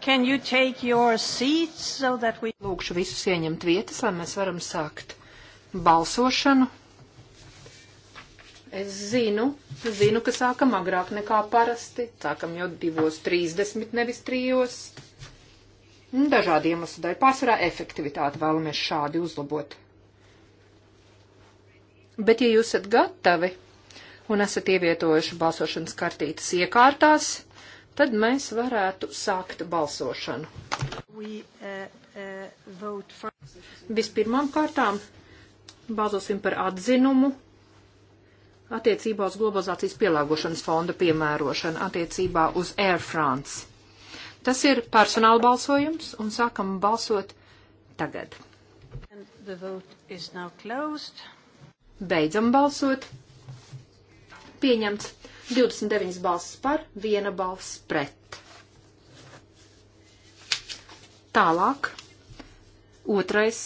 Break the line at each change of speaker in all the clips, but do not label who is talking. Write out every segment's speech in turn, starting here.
Can you take your seats so that we... Lūkšu visus ieņemt vietas, lai mēs varam sākt balsošanu. Es zinu, zinu, ka sākam agrāk nekā parasti. Sākam jau divos trīsdesmit, nevis trijos. Dažādi iemesli dēļ pārsvarā efektivitāti vēlamies šādi uzlabot. Bet, ja jūs esat gatavi un esat ievietojuši balsošanas kartītes iekārtās, tad mēs varētu sākt balsošanu. We, uh, uh, for... Vispirmām kārtām balsosim par atzinumu attiecībā uz globalizācijas pielāgošanas fonda piemērošanu attiecībā uz Air France. Tas ir personāla balsojums un sākam balsot tagad. Beidzam balsot. Pieņemts. 29 balsis par, viena balss pret. Tālāk otrais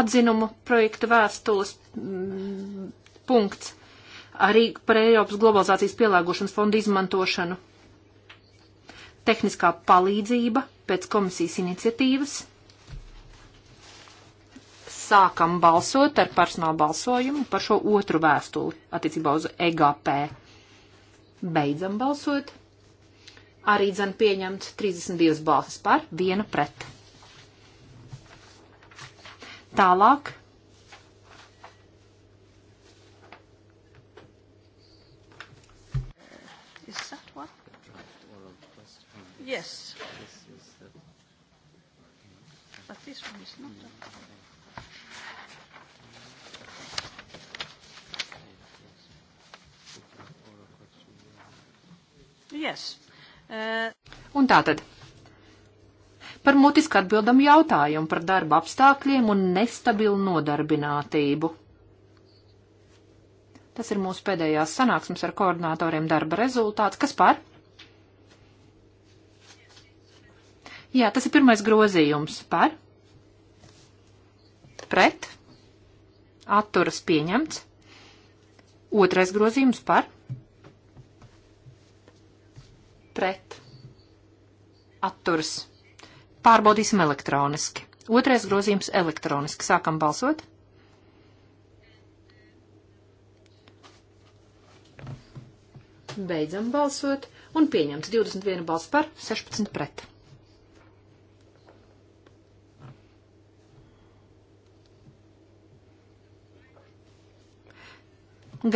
atzinumu projektu vēstules m, mm, punkts arī par Eiropas globalizācijas pielāgošanas fondu izmantošanu. Tehniskā palīdzība pēc komisijas iniciatīvas. Sākam balsot ar personālu balsojumu par šo otru vēstuli attiecībā uz EGP. Beidzam balsot. Arī dzen pieņemt 32 balsis par, viena pret. Tālāk.
Is that what? Yes. yes, yes that... But this one is not. A...
Yes. Uh...
Un tātad par mutiski atbildamu jautājumu par darba apstākļiem un nestabilu nodarbinātību. Tas ir mūsu pēdējās sanāksmes ar koordinatoriem darba rezultāts. Kas par? Jā, tas ir pirmais grozījums. Par? Pret? Atturas pieņemts. Otrais grozījums par? pret, atturs. Pārbaudīsim elektroniski. Otrais grozījums elektroniski. Sākam balsot. Beidzam balsot un pieņemts 21 balss par, 16 pret.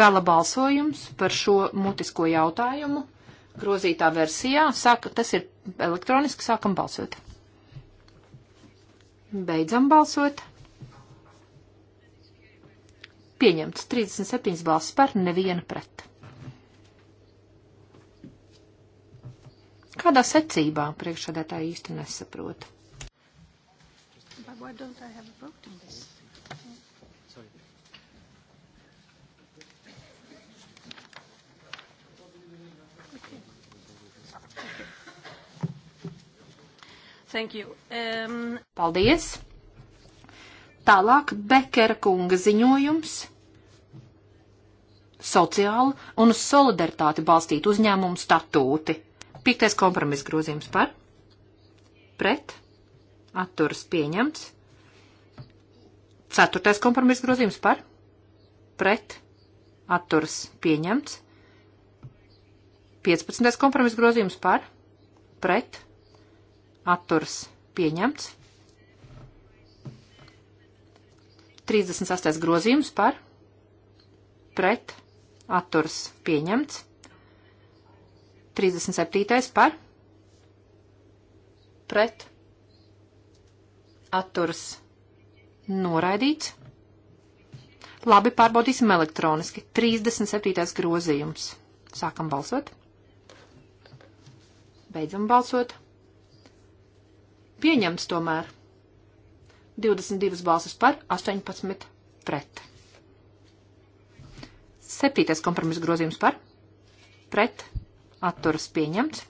Gala balsojums par šo mutisko jautājumu grozītā versijā. Saka, tas ir elektroniski, sākam balsot. Beidzam balsot. Pieņemts 37 balsis par, neviena pret. Kādā secībā priekšsēdētāji īsti nesaprot? But why don't I have a vote in this?
Thank you. Um...
Paldies. Tālāk Bekera kunga ziņojums - sociāli un uz solidaritāti balstīt uzņēmumu statūti. Piektais kompromiss grozījums par? Pret? Atturas pieņemts. Ceturtais kompromiss grozījums par? Pret? Atturas pieņemts. 15. kompromiss grozījums par, pret, atturs pieņemts. 38. grozījums par, pret, atturs pieņemts. 37. par, pret, atturs noraidīts. Labi, pārbaudīsim elektroniski. 37. grozījums. Sākam balsot. Beidzam balsot. Pieņemts tomēr. 22 balsis par, 18 pret. Septītais kompromiss grozījums par, pret, atturas pieņemts.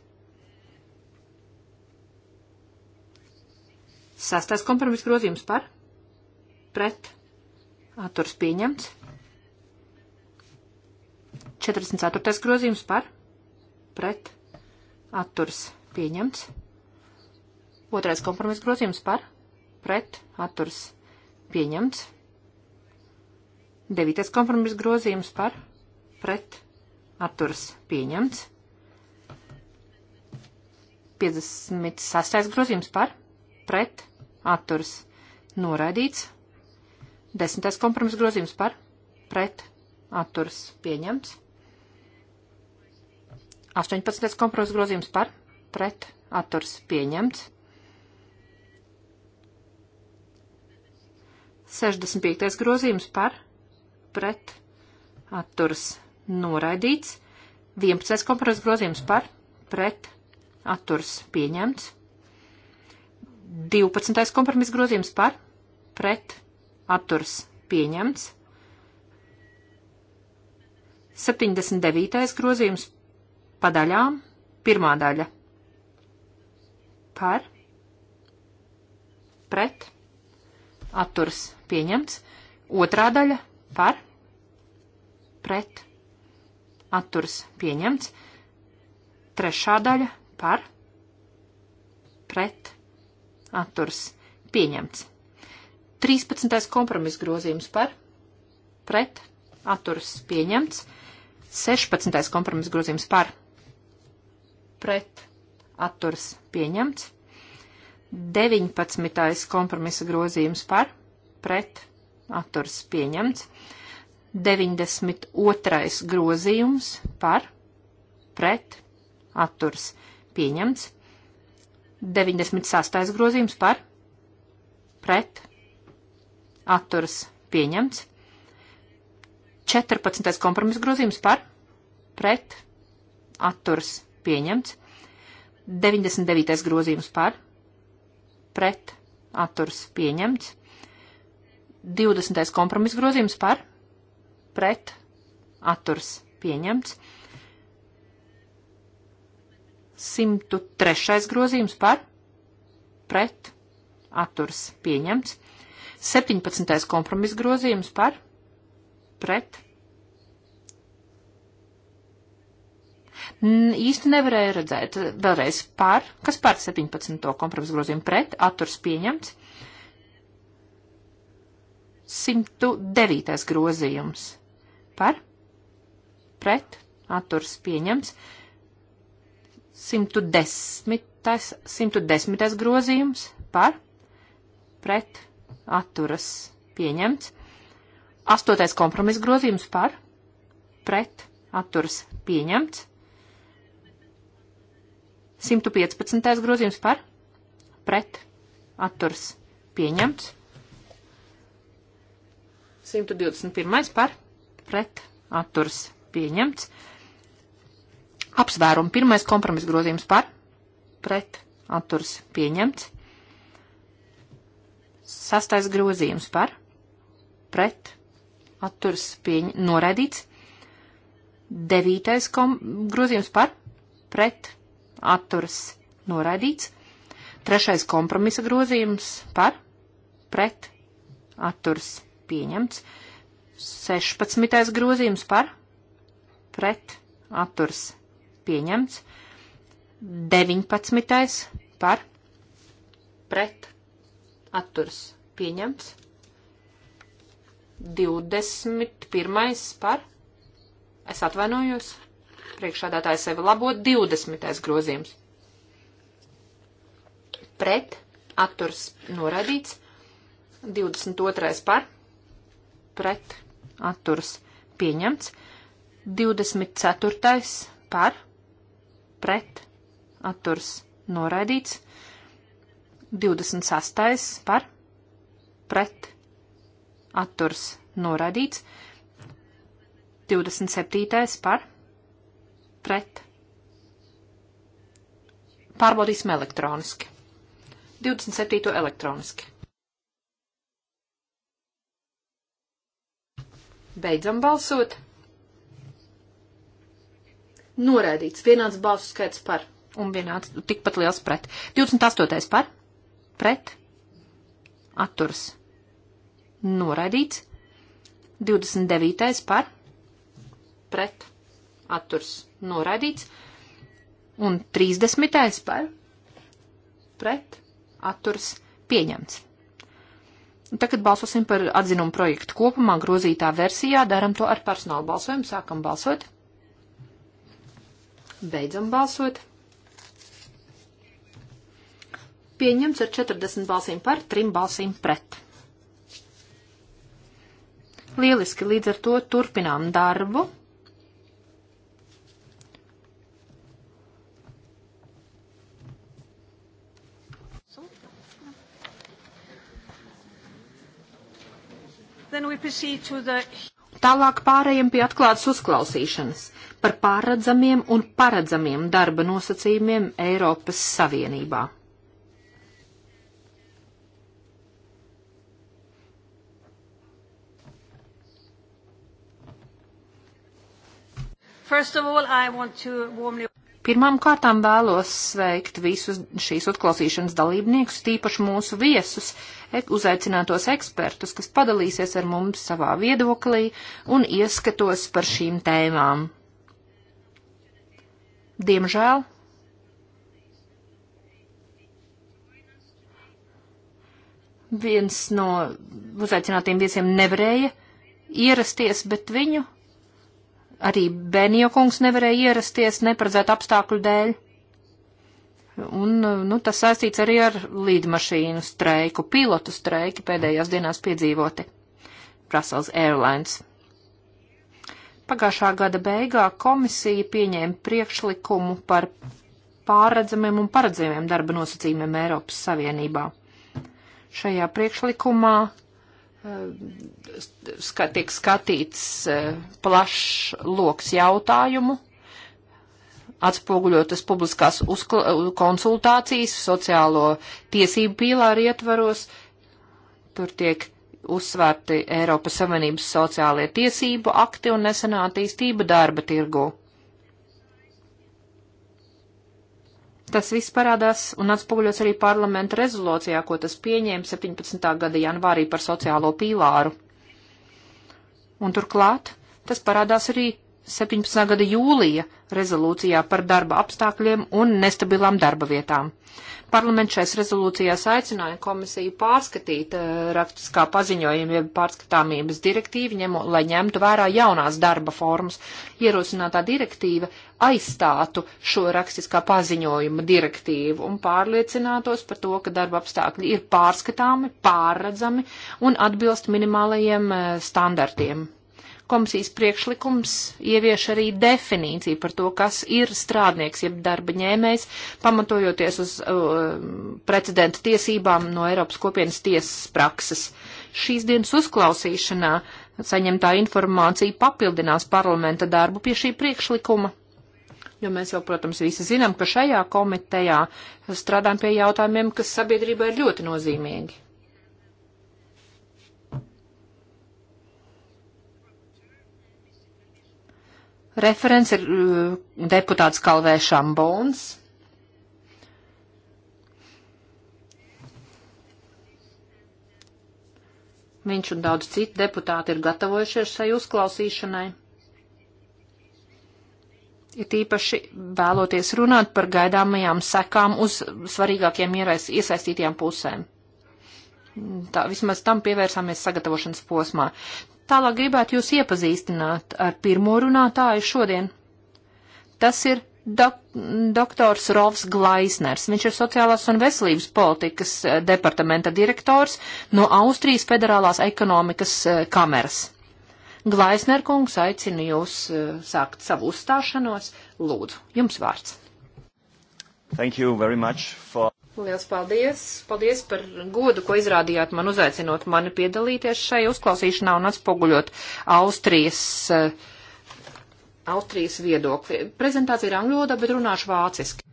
Sastais kompromiss grozījums par, pret, atturas pieņemts. 44. grozījums par, pret, atturs pieņemts. Otrais kompromiss grozījums par, pret, atturs pieņemts. Devītais kompromiss grozījums par, pret, atturs pieņemts. 56. grozījums par, pret, atturs noraidīts. 10. kompromiss grozījums par, pret, atturs pieņemts. 18. kompromiss grozījums par pret atturs pieņemts. 65. grozījums par pret atturs noraidīts. 11. kompromiss grozījums par pret atturs pieņemts. 12. kompromiss grozījums par pret atturs pieņemts. 79. grozījums pa daļām. Pirmā daļa par, pret, atturs pieņemts. Otrā daļa par, pret, atturs pieņemts. Trešā daļa par, pret, atturs pieņemts. 13. kompromis grozījums par, pret, atturs pieņemts. 16. kompromis grozījums par, pret atturs pieņemts. 19. kompromisa grozījums par pret atturs pieņemts. 92. grozījums par pret atturs pieņemts. 96. grozījums par pret atturs pieņemts. 14. kompromisa grozījums par pret atturs pieņemts pieņemts. 99. grozījums par, pret, atturs pieņemts. 20. kompromis grozījums par, pret, atturs pieņemts. 103. grozījums par, pret, atturs pieņemts. 17. kompromis grozījums par, pret, īsti nevarēja redzēt. Vēlreiz par, kas par 17. kompromisu grozījumu pret, atturs pieņemts. 109. grozījums par, pret, atturs pieņemts. 110. 110. grozījums par, pret, atturas pieņemts. 8. kompromiss grozījums par, pret, atturas pieņemts. 115. grozījums par pret atturs pieņemts. 121. par pret atturs pieņemts. Apsvērumu pirmais kompromis grozījums par pret atturs pieņemts. Sastais grozījums par pret atturs pieņ... noraidīts. Devītais kom... grozījums par pret atturas noraidīts. Trešais kompromisa grozījums par pret atturas pieņemts. 16. grozījums par pret atturas pieņemts. 19. par pret atturas pieņemts. 21. par es atvainojos priekšādātāja sevi labot 20. grozījums. Pret atturs noraidīts 22. par pret atturs pieņemts 24. par pret atturs noraidīts 26. par pret atturs noraidīts 27. par pret. Pārbaudīsim elektroniski. 27. elektroniski. Beidzam balsot. Noraidīts. Vienāds balsu skaits par un vienāds tikpat liels pret. 28. par. Pret. Atturs. Noraidīts. 29. par. Pret atturs noraidīts. Un 30. par pret atturs pieņemts. Tagad balsosim par atzinumu projektu kopumā grozītā versijā, daram to ar personālu balsojumu, sākam balsot, beidzam balsot. Pieņemts ar 40 balsīm par, 3 balsīm pret. Lieliski, līdz ar to turpinām darbu.
The...
Tālāk pārējiem pie atklātas uzklausīšanas par pārredzamiem un paredzamiem darba nosacījumiem Eiropas Savienībā.
All, warmly...
Pirmām kārtām vēlos sveikt visus šīs uzklausīšanas dalībniekus, tīpaši mūsu viesus, uzaicinātos ekspertus, kas padalīsies ar mums savā viedoklī un ieskatos par šīm tēmām. Diemžēl. Viens no uzaicinātiem viesiem nevarēja ierasties, bet viņu Arī Benjo kungs nevarēja ierasties neparedzētu apstākļu dēļ. Un, nu, tas saistīts arī ar līdmašīnu streiku, pilotu streiki pēdējās dienās piedzīvoti. Brussels Airlines. Pagājušā gada beigā komisija pieņēma priekšlikumu par pārredzamiem un paredzamiem darba nosacījumiem Eiropas Savienībā. Šajā priekšlikumā Ehm, skat, tiek skatīts eh, plašs loks jautājumu, atspoguļotas publiskās konsultācijas sociālo tiesību pīlāru ietvaros. Tur tiek uzsvērti Eiropas Savienības sociālie tiesību akti un nesenā attīstība darba tirgu. Tas viss parādās un atspoguļos arī parlamenta rezolūcijā, ko tas pieņēma 17. gada janvārī par sociālo pīlāru. Un turklāt tas parādās arī 17. gada jūlija rezolūcijā par darba apstākļiem un nestabilām darba vietām. Parlaments šais rezolūcijās aicināja komisiju pārskatīt eh, rakstiskā paziņojuma, ja pārskatāmības direktīvu, ņemo, lai ņemtu vērā jaunās darba formas. Ierosinātā direktīva aizstātu šo rakstiskā paziņojuma direktīvu un pārliecinātos par to, ka darba apstākļi ir pārskatāmi, pārredzami un atbilst minimālajiem eh, standartiem. Komisijas priekšlikums ievieš arī definīciju par to, kas ir strādnieks, jeb darba ņēmējs, pamatojoties uz uh, precedenta tiesībām no Eiropas kopienas tiesas prakses. Šīs dienas uzklausīšanā saņemtā informācija papildinās parlamenta darbu pie šī priekšlikuma jo mēs jau, protams, visi zinām, ka šajā komitejā strādājam pie jautājumiem, kas sabiedrībā ir ļoti nozīmīgi. Referents ir uh, deputāts Kalvē Šambons. Viņš un daudz citu deputāti ir gatavojušies šai uzklausīšanai. Ir tīpaši vēloties runāt par gaidāmajām sekām uz svarīgākiem iesaistītajām pusēm. Tā, vismaz tam pievērsāmies sagatavošanas posmā. Tālāk gribētu jūs iepazīstināt ar pirmo runātāju šodien. Tas ir dok doktors Rovs Glaisners. Viņš ir sociālās un veselības politikas eh, departamenta direktors no Austrijas Federālās ekonomikas eh, kameras. Glaisner kungs, aicinu jūs eh, sākt savu uzstāšanos. Lūdzu, jums vārds. For... Liels paldies! Paldies par godu, ko izrādījāt man uzaicinot mani piedalīties šai uzklausīšanā un atspoguļot Austrijas, eh, Austrijas viedokli. Prezentācija ir angļoda, bet runāšu vāciski.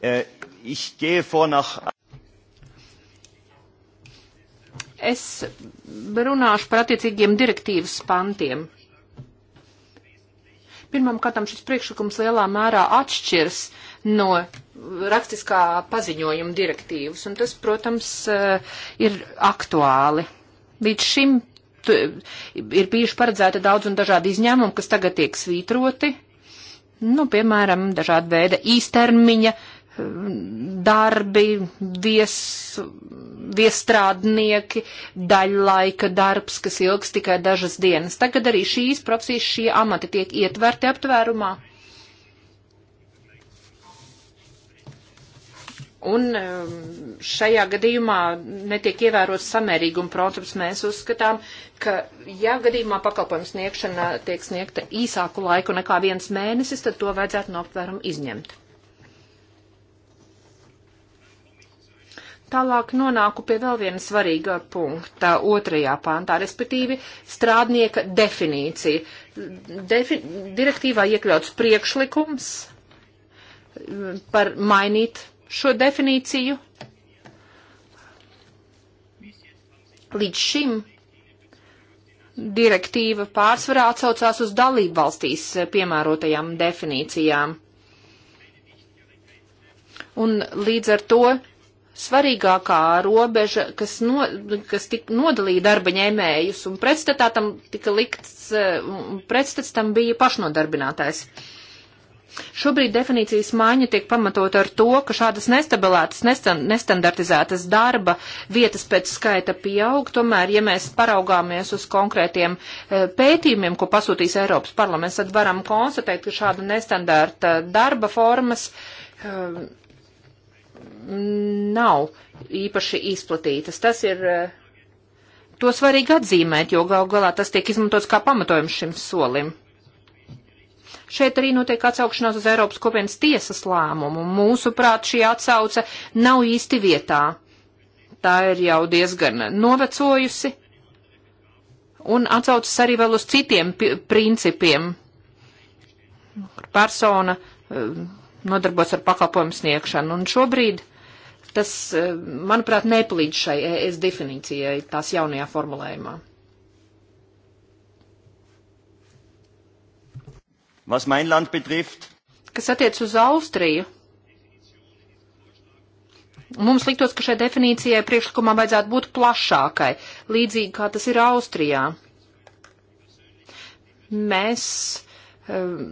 Äh, es runāšu par attiecīgiem direktīvas pantiem Pirmam katam šis priekšlikums lielā mērā atšķirs no rakstiskā paziņojuma direktīvas, un tas, protams, eh, ir aktuāli. Līdz šim ir bijuši paredzēti daudz un dažādi izņēmumi, kas tagad tiek svītroti, nu, piemēram, dažāda veida īstermiņa uh, darbi, vies, viestrādnieki, daļlaika darbs, kas ilgs tikai dažas dienas. Tagad arī šīs profesijas, šie amati tiek ietverti aptvērumā. Un um, šajā gadījumā netiek ievērots samērīguma princips. Mēs uzskatām, ka, ja gadījumā pakalpojums sniegšana tiek sniegta īsāku laiku nekā viens mēnesis, tad to vajadzētu no aptvērumu izņemt. Tālāk nonāku pie vēl viena svarīga punkta otrajā pantā, respektīvi strādnieka definīcija. Defi direktīvā iekļauts priekšlikums eh, par mainīt šo definīciju. Līdz šim direktīva pārsvarā atsaucās uz dalību valstīs eh, piemērotajām definīcijām. Un līdz ar to svarīgākā robeža, kas, no, kas tik nodalīja darba ņēmējus, un pretstatā tam tika likts, eh, pretstats tam bija pašnodarbinātais. Šobrīd definīcijas maiņa tiek pamatot ar to, ka šādas nestabilētas, nestandartizētas darba vietas pēc skaita pieaug. Tomēr, ja mēs paraugāmies uz konkrētiem eh, pētījumiem, ko pasūtīs Eiropas parlaments, tad varam konstatēt, ka šāda nestandarta darba formas eh, nav īpaši izplatītas. Tas ir, eh, to svarīgi atzīmēt, jo gal galā tas tiek izmantots kā pamatojums šim solim. Šeit arī notiek atsaukšanās uz Eiropas kopienas tiesas lēmumu. Mūsuprāt, šī atsauce nav īsti vietā. Tā ir jau diezgan novecojusi un atsaucas arī vēl uz citiem principiem. Persona eh, nodarbojas ar pakalpojumu sniegšanu. Un šobrīd Tas, eh, manuprāt, nepalīdz šai ES definīcijai tās jaunajā formulējumā. Was mein Land betrifft, kas attiec uz Austriju, mums liktos, ka šai definīcijai priekšlikumā vajadzētu būt plašākai, līdzīgi kā tas ir Austrijā. Mēs um,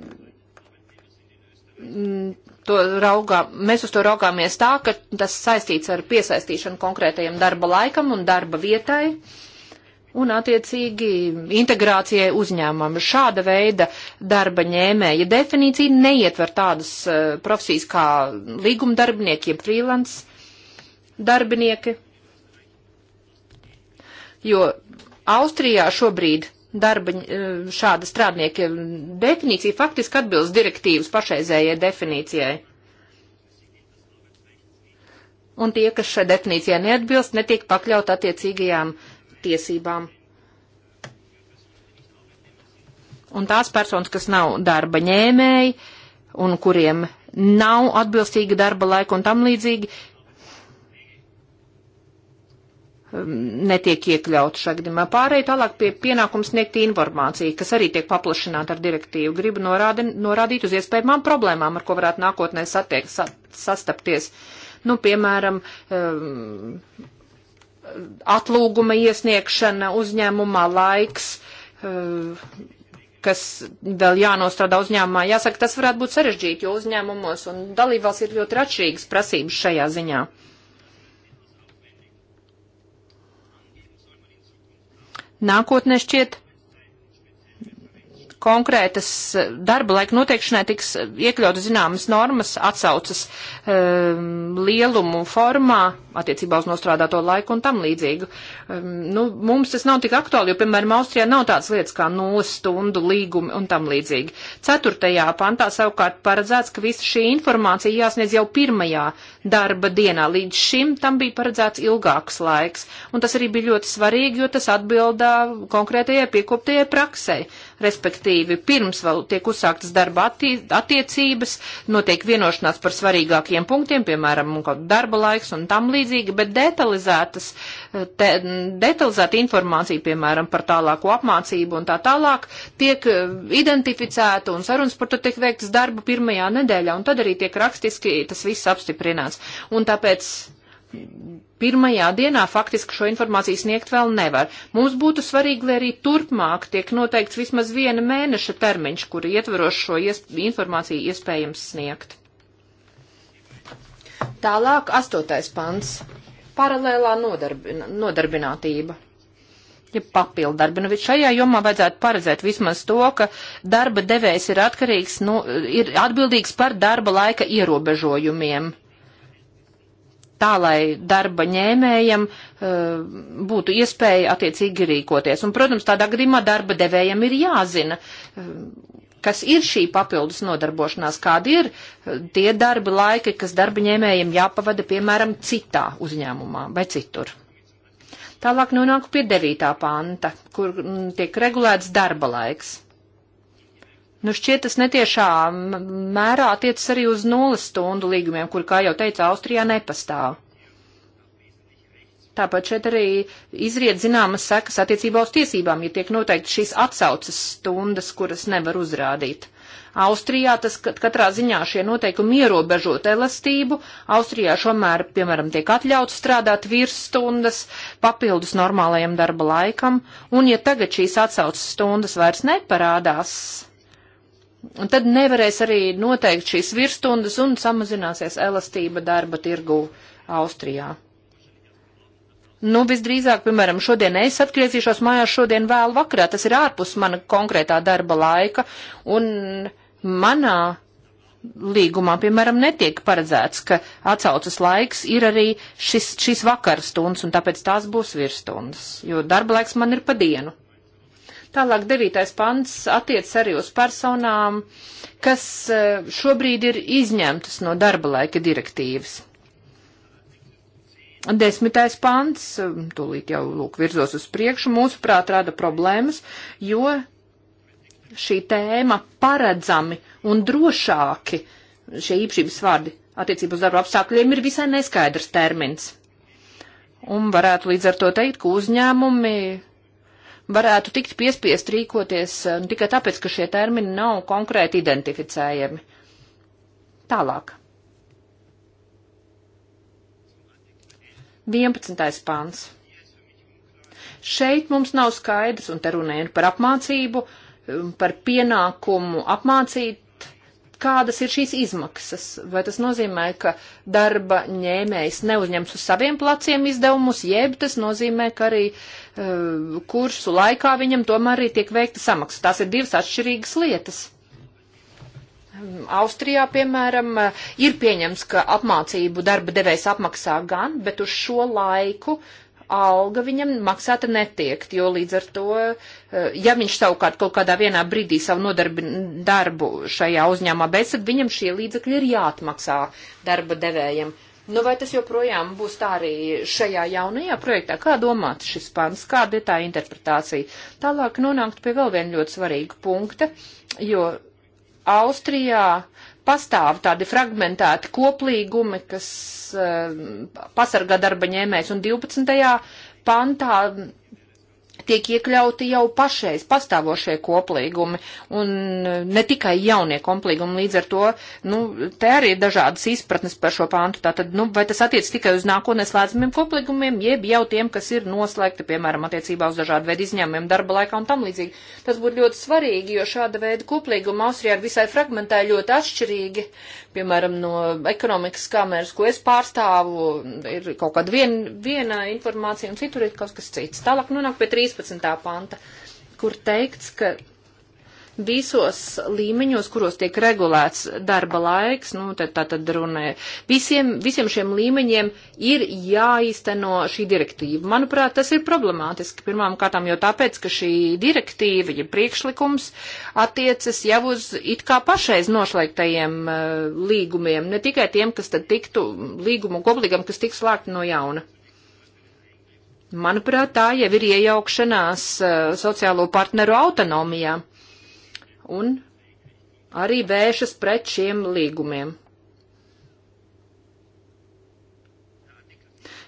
to raugā, mēs uz to raugāmies tā, ka tas saistīts ar piesaistīšanu konkrētajam darba laikam un darba vietai un attiecīgi integrācijai uzņēmumam. Šāda veida darba ņēmēja definīcija neietver tādas eh, profesijas kā līguma darbinieki, jeb freelance darbinieki, jo Austrijā šobrīd darba e, šāda strādnieka definīcija faktiski atbilst direktīvas pašreizējai definīcijai. Un tie, kas šai definīcijai neatbilst, netiek pakļaut attiecīgajām tiesībām. Un tās personas, kas nav darba ņēmēji un kuriem nav atbilstīga darba laika un tam līdzīgi, Um, netiek iekļauts šajā gadījumā. Pārēj tālāk pie pienākums sniegt informāciju, kas arī tiek paplašināta ar direktīvu. Gribu norādi, norādīt uz iespējamām problēmām, ar ko varētu nākotnē satiek, sa, sastapties. Nu, piemēram, um, atlūguma iesniegšana uzņēmumā, laiks, uh, kas vēl jānostrādā uzņēmumā. Jāsaka, tas varētu būt sarežģīti, jo uzņēmumos un dalībvalsts ir ļoti atšķirīgas prasības šajā ziņā. nākotnē šķiet konkrētas eh, darba laika noteikšanai tiks eh, iekļauta zināmas normas atsaucas um, lielumu formā attiecībā uz nostrādāto laiku un tam līdzīgu. Um, nu, mums tas nav tik aktuāli, jo, piemēram, Austrijā nav tādas lietas kā nulles stundu līgumi un tam līdzīgi. Ceturtajā pantā savukārt paredzēts, ka visa šī informācija jāsniedz jau pirmajā darba dienā. Līdz šim tam bija paredzēts ilgāks laiks, un tas arī bija ļoti svarīgi, jo tas atbildā konkrētajai piekoptajai praksei respektīvi pirms vēl tiek uzsāktas darba attiecības, notiek vienošanās par svarīgākiem punktiem, piemēram, darba laiks un tam līdzīgi, bet detalizētas, eh, te, detalizēta informācija, piemēram, par tālāko apmācību un tā tālāk, tiek eh, identificēta un sarunas par to tiek veiktas darba pirmajā nedēļā, un tad arī tiek rakstiski tas viss apstiprināts. Un tāpēc pirmajā dienā faktiski šo informāciju sniegt vēl nevar. Mums būtu svarīgi, lai arī turpmāk tiek noteikts vismaz viena mēneša termiņš, kuri ietveros šo iesp informāciju iespējams sniegt. Tālāk, astotais pants - paralēlā nodarbina nodarbinātība ja papildarbina. Bet šajā jomā vajadzētu paredzēt vismaz to, ka darba devējs ir atkarīgs, nu, ir atbildīgs par darba laika ierobežojumiem tā, lai darba ņēmējam eh, būtu iespēja attiecīgi rīkoties. Un, protams, tādā gadījumā darba devējam ir jāzina, eh, kas ir šī papildus nodarbošanās, kādi ir eh, tie darba laiki, kas darba ņēmējiem jāpavada, piemēram, citā uzņēmumā vai citur. Tālāk nonāku pie devītā panta, kur mm, tiek regulēts darba laiks. Nu, šķiet, tas netiešā mērā attiecas arī uz nulles stundu līgumiem, kur, kā jau teica, Austrijā nepastāv. Tāpat šeit arī izriet zināmas sekas attiecībā uz tiesībām, ja tiek noteikti šīs atsaucas stundas, kuras nevar uzrādīt. Austrijā tas katrā ziņā šie noteikumi ierobežot elastību. Austrijā šomēr, piemēram, tiek atļauts strādāt virsstundas papildus normālajam darba laikam, un ja tagad šīs atsaucas stundas vairs neparādās, Un tad nevarēs arī noteikt šīs virsstundas un samazināsies elastība darba tirgu Austrijā. Nu, visdrīzāk, piemēram, šodien es atgriezīšos mājās šodien vēl vakarā. Tas ir ārpus mana konkrētā darba laika. Un manā līgumā, piemēram, netiek paredzēts, ka atcaucas laiks ir arī šis, šis vakara stundas, un tāpēc tās būs virsstundas, jo darba laiks man ir pa dienu. Tālāk devītais pants attiec arī uz personām, kas e, šobrīd ir izņemtas no darba laika direktīvas. Desmitais pants, e, tūlīt jau lūk virzos uz priekšu, mūsuprāt rada problēmas, jo šī tēma paredzami un drošāki, šie īpašības vārdi attiecībā uz darba apstākļiem ir visai neskaidrs termins. Un varētu līdz ar to teikt, ka uzņēmumi varētu tikt piespiest rīkoties e, nu, tikai tāpēc, ka šie termini nav konkrēti identificējami. Tālāk. 11. pāns. Šeit mums nav skaidrs, un te runājot par apmācību, e, par pienākumu apmācīt kādas ir šīs izmaksas? Vai tas nozīmē, ka darba ņēmējs neuzņems uz saviem pleciem izdevumus, jeb tas nozīmē, ka arī uh, kursu laikā viņam tomēr arī tiek veikta samaksa? Tās ir divas atšķirīgas lietas. Austrijā, piemēram, ir pieņems, ka apmācību darba devējs apmaksā gan, bet uz šo laiku uh, alga viņam maksāta netiek, jo līdz ar to, eh, ja viņš savukārt kaut kādā vienā brīdī savu nodarbi, darbu šajā uzņēmumā beidz, tad viņam šie līdzekļi ir jāatmaksā darba devējiem. Nu, vai tas joprojām būs tā arī šajā jaunajā projektā? Kā domāt šis pants? Kāda ir tā interpretācija? Tālāk nonākt pie vēl viena ļoti svarīga punkta, jo Austrijā uh, pastāv tādi fragmentēti koplīgumi, kas uh, pasargā darba ņēmējs un 12. pantā tiek iekļauti jau pašreiz pastāvošie koplīgumi un e, ne tikai jaunie koplīgumi. Līdz ar to, nu, te arī ir dažādas izpratnes par šo pāntu. Tātad, nu, vai tas attiec tikai uz nākotnes slēdzamiem koplīgumiem, jeb jau tiem, kas ir noslēgti, piemēram, attiecībā uz dažādu veidu izņēmumiem darba laikā un tam līdzīgi. Tas būtu ļoti svarīgi, jo šāda veida koplīguma Austrijā ir visai fragmentē ļoti atšķirīgi, piemēram, no ekonomikas kameras, ko es pārstāvu, ir kaut kāda vien, viena informācija, un citur ir kaut kas cits. Tālāk nonāk pie 13. panta, kur teikts, ka visos līmeņos, kuros tiek regulēts darba laiks, nu, tad tā tad runē. Visiem, visiem šiem līmeņiem ir jāīsteno šī direktīva. Manuprāt, tas ir problemātiski. Pirmām kārtām jau tāpēc, ka šī direktīva, ja priekšlikums attiecas jau uz it kā pašreiz nošlaiktajiem uh, līgumiem, ne tikai tiem, kas tad tiktu līgumu koplīgam, kas tiks slēgti no jauna. Manuprāt, tā jau ir iejaukšanās uh, sociālo partneru autonomijā un arī vēršas pret šiem līgumiem.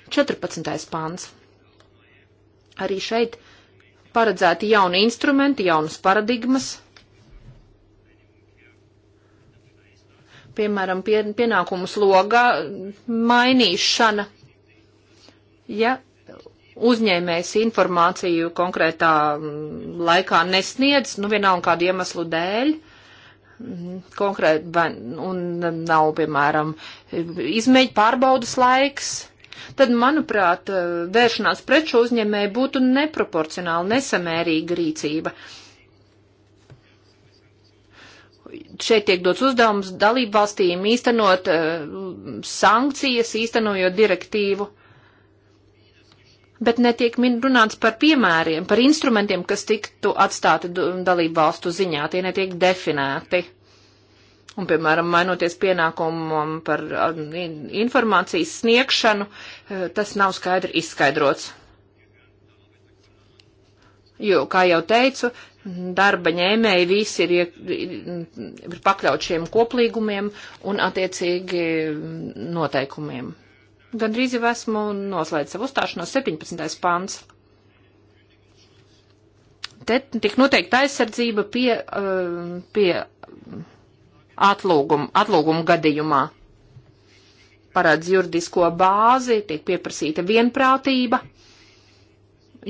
14. pāns. Arī šeit paredzēti jauni instrumenti, jaunas paradigmas. Piemēram, pie, pienākumu slogā mainīšana. Ja uzņēmējs informāciju konkrētā mm, laikā nesniedz, nu vienalga kādu iemeslu dēļ, konkrēti, vai, un nav, piemēram, izmēģi pārbaudas laiks, tad, manuprāt, vēršanās pret šo uzņēmēju būtu neproporcionāli, nesamērīga rīcība šeit tiek dots uzdevums dalību valstīm īstenot uh, sankcijas, īstenojot direktīvu bet netiek runāts par piemēriem, par instrumentiem, kas tiktu atstāti dalību valstu ziņā, tie netiek definēti. Un, piemēram, mainoties pienākumam par informācijas sniegšanu, e, tas nav skaidri izskaidrots. Jo, kā jau teicu, darba ņēmēji visi ir, ir pakļaut šiem koplīgumiem un attiecīgi noteikumiem. Gan drīz jau esmu noslēdz savu uzstāšanos 17. pants. Te tik noteikti aizsardzība pie, um, pie atlūguma, atlūguma gadījumā. Parādz juridisko bāzi, tiek pieprasīta vienprātība,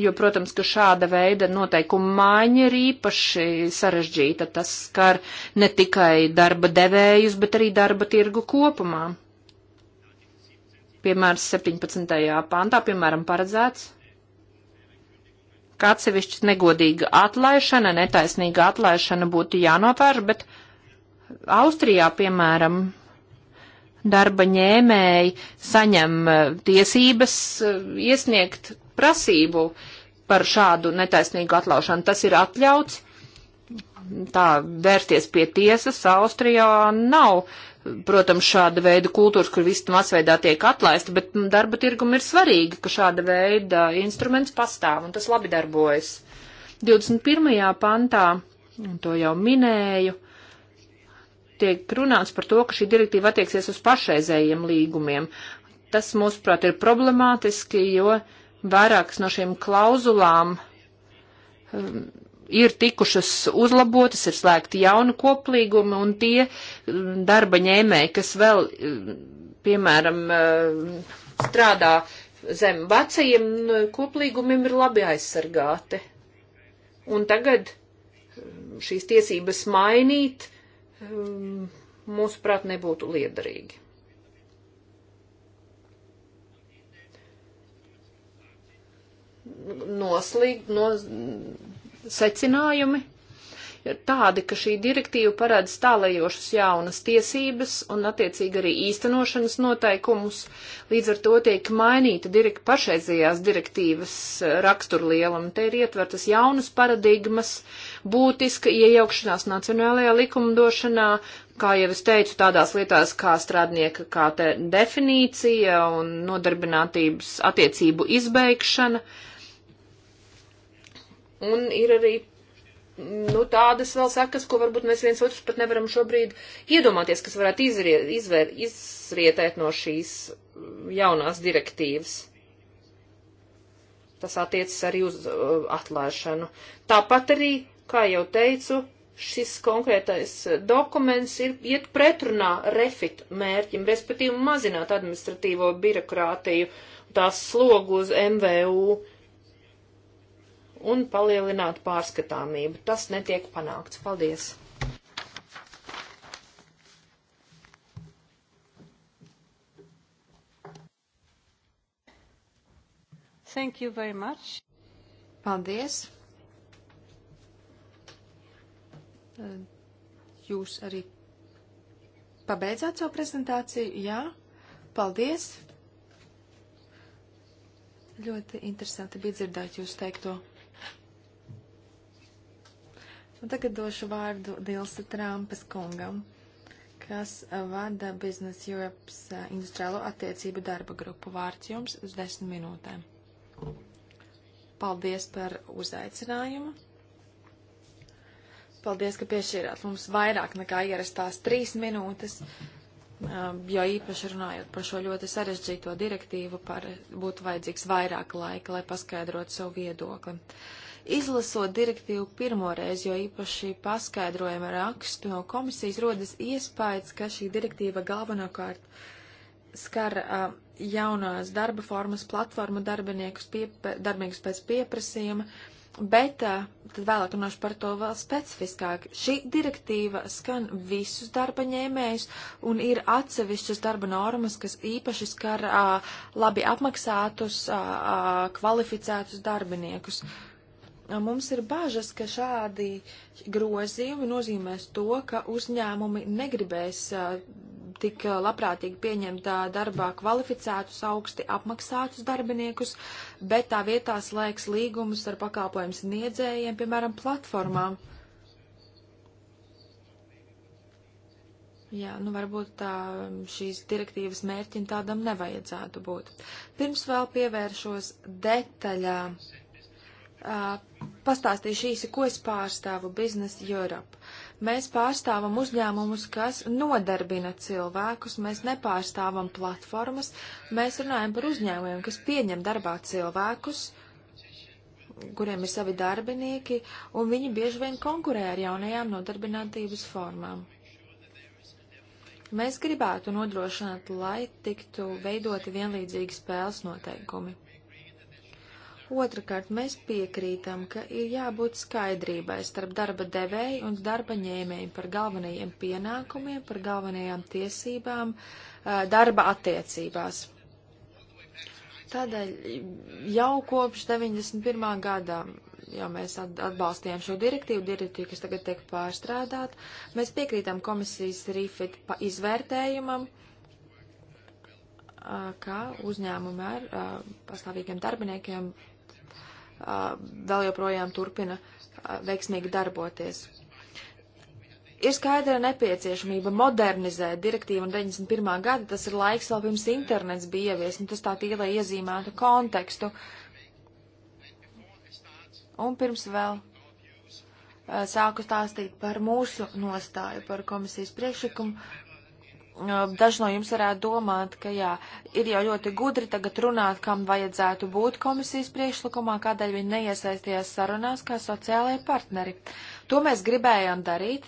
jo, protams, ka šāda veida noteikuma maiņa ir īpaši sarežģīta. Tas skar ne tikai darba devējus, bet arī darba tirgu kopumā piemērs 17. pāntā, piemēram, paredzēts, ka atsevišķi negodīga atlaišana, netaisnīga atlaišana būtu jānovērš, bet Austrijā, piemēram, darba ņēmēji saņem e, tiesības e, iesniegt prasību par šādu netaisnīgu atlaušanu. Tas ir atļauts. Tā vērsties pie tiesas Austrijā nav uh, protams, šāda veida kultūras, kur viss masveidā tiek atlaista, bet darba tirgum ir svarīgi, ka šāda veida instruments pastāv un tas labi darbojas. 21. pantā, un to jau minēju, tiek runāts par to, ka šī direktīva attieksies uz pašreizējiem līgumiem. Tas, mūsuprāt, ir problemātiski, jo vairākas no šīm klauzulām um, ir tikušas uzlabotas, ir slēgti jauni koplīgumi, un tie mm, darba ņēmēji, kas vēl, mm, piemēram, mm, strādā zem vecajiem koplīgumiem, ir labi aizsargāti. Un tagad šīs tiesības mainīt, mūsuprāt, nebūtu liederīgi. Noslīg, no, secinājumi ir tādi, ka šī direktīva paredz tālējošas jaunas tiesības un attiecīgi arī īstenošanas noteikumus. Līdz ar to tiek mainīta direkt, pašreizējās direktīvas eh, raksturlieluma. Te ir ietvertas jaunas paradigmas, būtiska iejaukšanās nacionālajā likumdošanā, kā jau es teicu, tādās lietās kā strādnieka kā definīcija un nodarbinātības attiecību izbeigšana. Uh, Un ir arī nu, tādas vēl sekas, ko varbūt mēs viens otrs pat nevaram šobrīd iedomāties, kas varētu izriet, izvēr, izrietēt no šīs jaunās direktīvas. Tas attiecas arī uz uh, atlaišanu. Tāpat arī, kā jau teicu, šis konkrētais dokuments ir iet pretrunā refit mērķim, respektīvi mazināt administratīvo birokrātiju, tās slogu uz MVU. Uh, un palielināt pārskatāmību. Tas netiek panākts. Paldies!
Thank you very much.
Paldies! Jūs arī pabeidzāt savu prezentāciju? Jā, paldies! Ļoti interesanti bija dzirdēt jūs teikto. Un tagad došu vārdu Dilsa Trumpas kungam, kas eh, vada Business Europe's eh, industriālo attiecību darba grupu. Vārds jums uz desmit minūtēm. Paldies par uzaicinājumu. Paldies, ka piešķīrāt mums vairāk nekā ierastās trīs minūtes, eh, jo īpaši runājot par šo ļoti sarežģīto direktīvu, par būtu vajadzīgs vairāk laika, lai paskaidrotu savu viedokli. Uh, Izlasot direktīvu pirmoreiz, jo īpaši paskaidrojuma rakstu no komisijas rodas iespējas, ka šī direktīva galvenokārt skar a, jaunās darba formas platformu darbiniekus, piepa, darbiniekus pēc pieprasījuma, bet a, tad vēlāk runāšu par to vēl specifiskāk. Šī direktīva skan visus darba ņēmējus un ir atsevišķas darba normas, kas īpaši skar a, labi apmaksātus, kvalificētus darbiniekus. Mm Mums ir bažas, ka šādi grozījumi nozīmēs to, ka uzņēmumi negribēs tik labprātīgi pieņemt darbā kvalificētus, augsti apmaksātus darbiniekus, bet tā vietā slēgs līgumus ar pakalpojumu sniedzējiem, piemēram, platformām. Jā, nu varbūt tā šīs direktīvas mērķim tādam nevajadzētu būt. Pirms vēl pievēršos detaļām. Uh, pastāstīšu īsi, ko es pārstāvu Business Europe. Mēs pārstāvam uzņēmumus, kas nodarbina cilvēkus, mēs nepārstāvam platformas, mēs runājam par uzņēmumiem, kas pieņem darbā cilvēkus, kuriem ir savi darbinieki, un viņi bieži vien konkurē ar jaunajām nodarbinātības formām. Mēs gribētu nodrošināt, lai tiktu veidoti vienlīdzīgi spēles noteikumi. Otrakārt, mēs piekrītam, ka ir jābūt skaidrībai starp darba devēju un darba ņēmēju par galvenajiem pienākumiem, par galvenajām tiesībām darba attiecībās. Tādēļ jau kopš 91. gadā, ja mēs atbalstījām šo direktīvu, direktīvu, kas tagad tiek pārstrādāt, mēs piekrītam komisijas rīfit izvērtējumam, kā uzņēmumi ar pastāvīgiem darbiniekiem vēl joprojām turpina veiksmīgi darboties. Ir skaidra nepieciešamība modernizēt direktīvu no 91. gada, tas ir laiks vēl pirms internets bija ievies, un tas tā tīlai iezīmētu kontekstu. Un pirms vēl sāku stāstīt par mūsu nostāju, par komisijas priekšlikumu, Daži no jums varētu domāt, ka jā, ir jau ļoti gudri tagad runāt, kam vajadzētu būt komisijas priekšlikumā, kādēļ viņi neiesaistījās sarunās kā sociālajie partneri. To mēs gribējām darīt,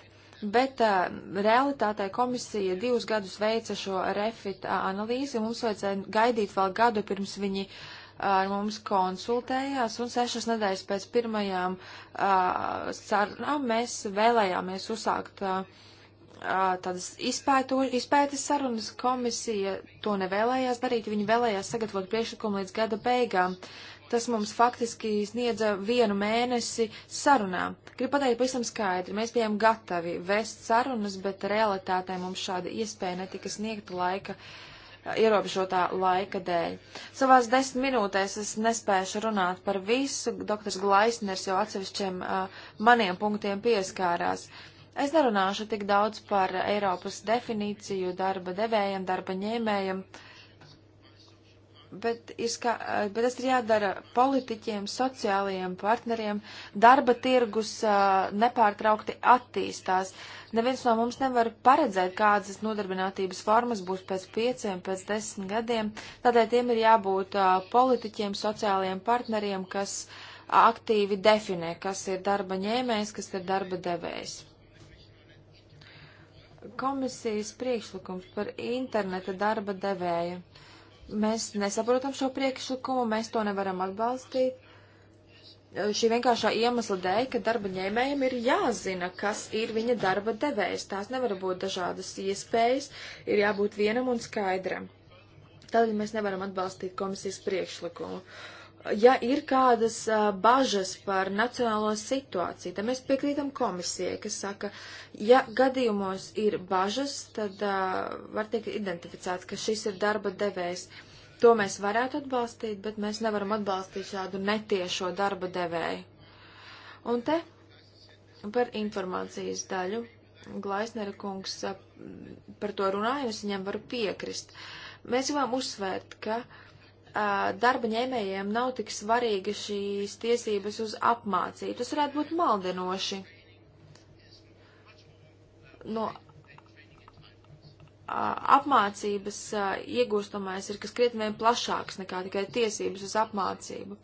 bet uh, realitātē komisija divus gadus veica šo refit uh, analīzi, mums vajadzēja gaidīt vēl gadu pirms viņi ar uh, mums konsultējās, un sešas nedēļas pēc pirmajām uh, sarunām mēs vēlējāmies uzsākt uh, tādas izpēto, izpētes sarunas komisija to nevēlējās darīt, viņi vēlējās sagatavot priekšlikumu līdz gada beigām. Tas mums faktiski sniedza vienu mēnesi sarunām. Gribu pateikt pavisam skaidri, mēs bijām gatavi vest sarunas, bet realitātē mums šāda iespēja netika sniegta laika, ierobežotā laika dēļ. Savās desmit minūtēs es nespēšu runāt par visu, doktors Glaisners jau atsevišķiem uh, maniem punktiem pieskārās. Uh, Es nerunāšu tik daudz par Eiropas definīciju darba devējiem, darba ņēmējiem, bet, izskā, bet tas ir jādara politiķiem, sociālajiem partneriem. Darba tirgus nepārtraukti attīstās. Neviens no mums nevar paredzēt, kādas nodarbinātības formas būs pēc pieciem, pēc desmit gadiem. Tādēļ tiem ir jābūt politiķiem, sociālajiem partneriem, kas aktīvi definē, kas ir darba ņēmējs, kas ir darba devējs. Komisijas priekšlikums par interneta darba devēja. Mēs nesaprotam šo priekšlikumu, mēs to nevaram atbalstīt. Šī vienkāršā iemesla dēļ, ka darba ņēmējiem ir jāzina, kas ir viņa darba devējs. Tās nevar būt dažādas iespējas, ir jābūt vienam un skaidram. Tādēļ mēs nevaram atbalstīt komisijas priekšlikumu. Uh, ja ir kādas uh, bažas par nacionālo situāciju, tad mēs piekrītam komisijai, kas saka, ja gadījumos ir bažas, tad uh, var tikt identificēts, ka šis ir darba devējs. To mēs varētu atbalstīt, bet mēs nevaram atbalstīt šādu netiešo darba devēju. Un te par informācijas daļu. Glaisnera kungs uh, par to runāja, es viņam varu piekrist. Mēs gribam uzsvērt, ka uh, darba ņēmējiem nav tik svarīga šīs tiesības uz apmācību. Tas varētu būt maldinoši. No apmācības iegūstamais ir kas krietni vien plašāks nekā tikai tiesības uz apmācību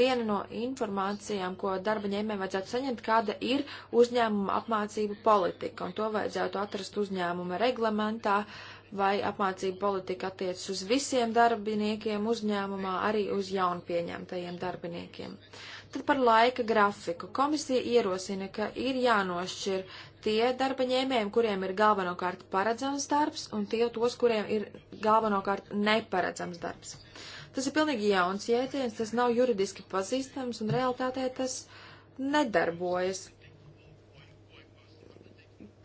viena no informācijām, ko darba ņēmējiem vajadzētu saņemt, kāda ir uzņēmuma apmācība politika, un to vajadzētu atrast uzņēmuma reglamentā, vai apmācība politika attiecas uz visiem darbiniekiem uzņēmumā, arī uz jaunpieņemtajiem darbiniekiem. Tad par laika grafiku. Komisija ierosina, ka ir jānošķir tie darba ņēmējiem, kuriem ir galvenokārt paredzams darbs, un tie tos, kuriem ir galvenokārt neparedzams darbs. Uh, Tas ir pilnīgi jauns jēdziens, tas nav juridiski pazīstams un realitātē tas nedarbojas.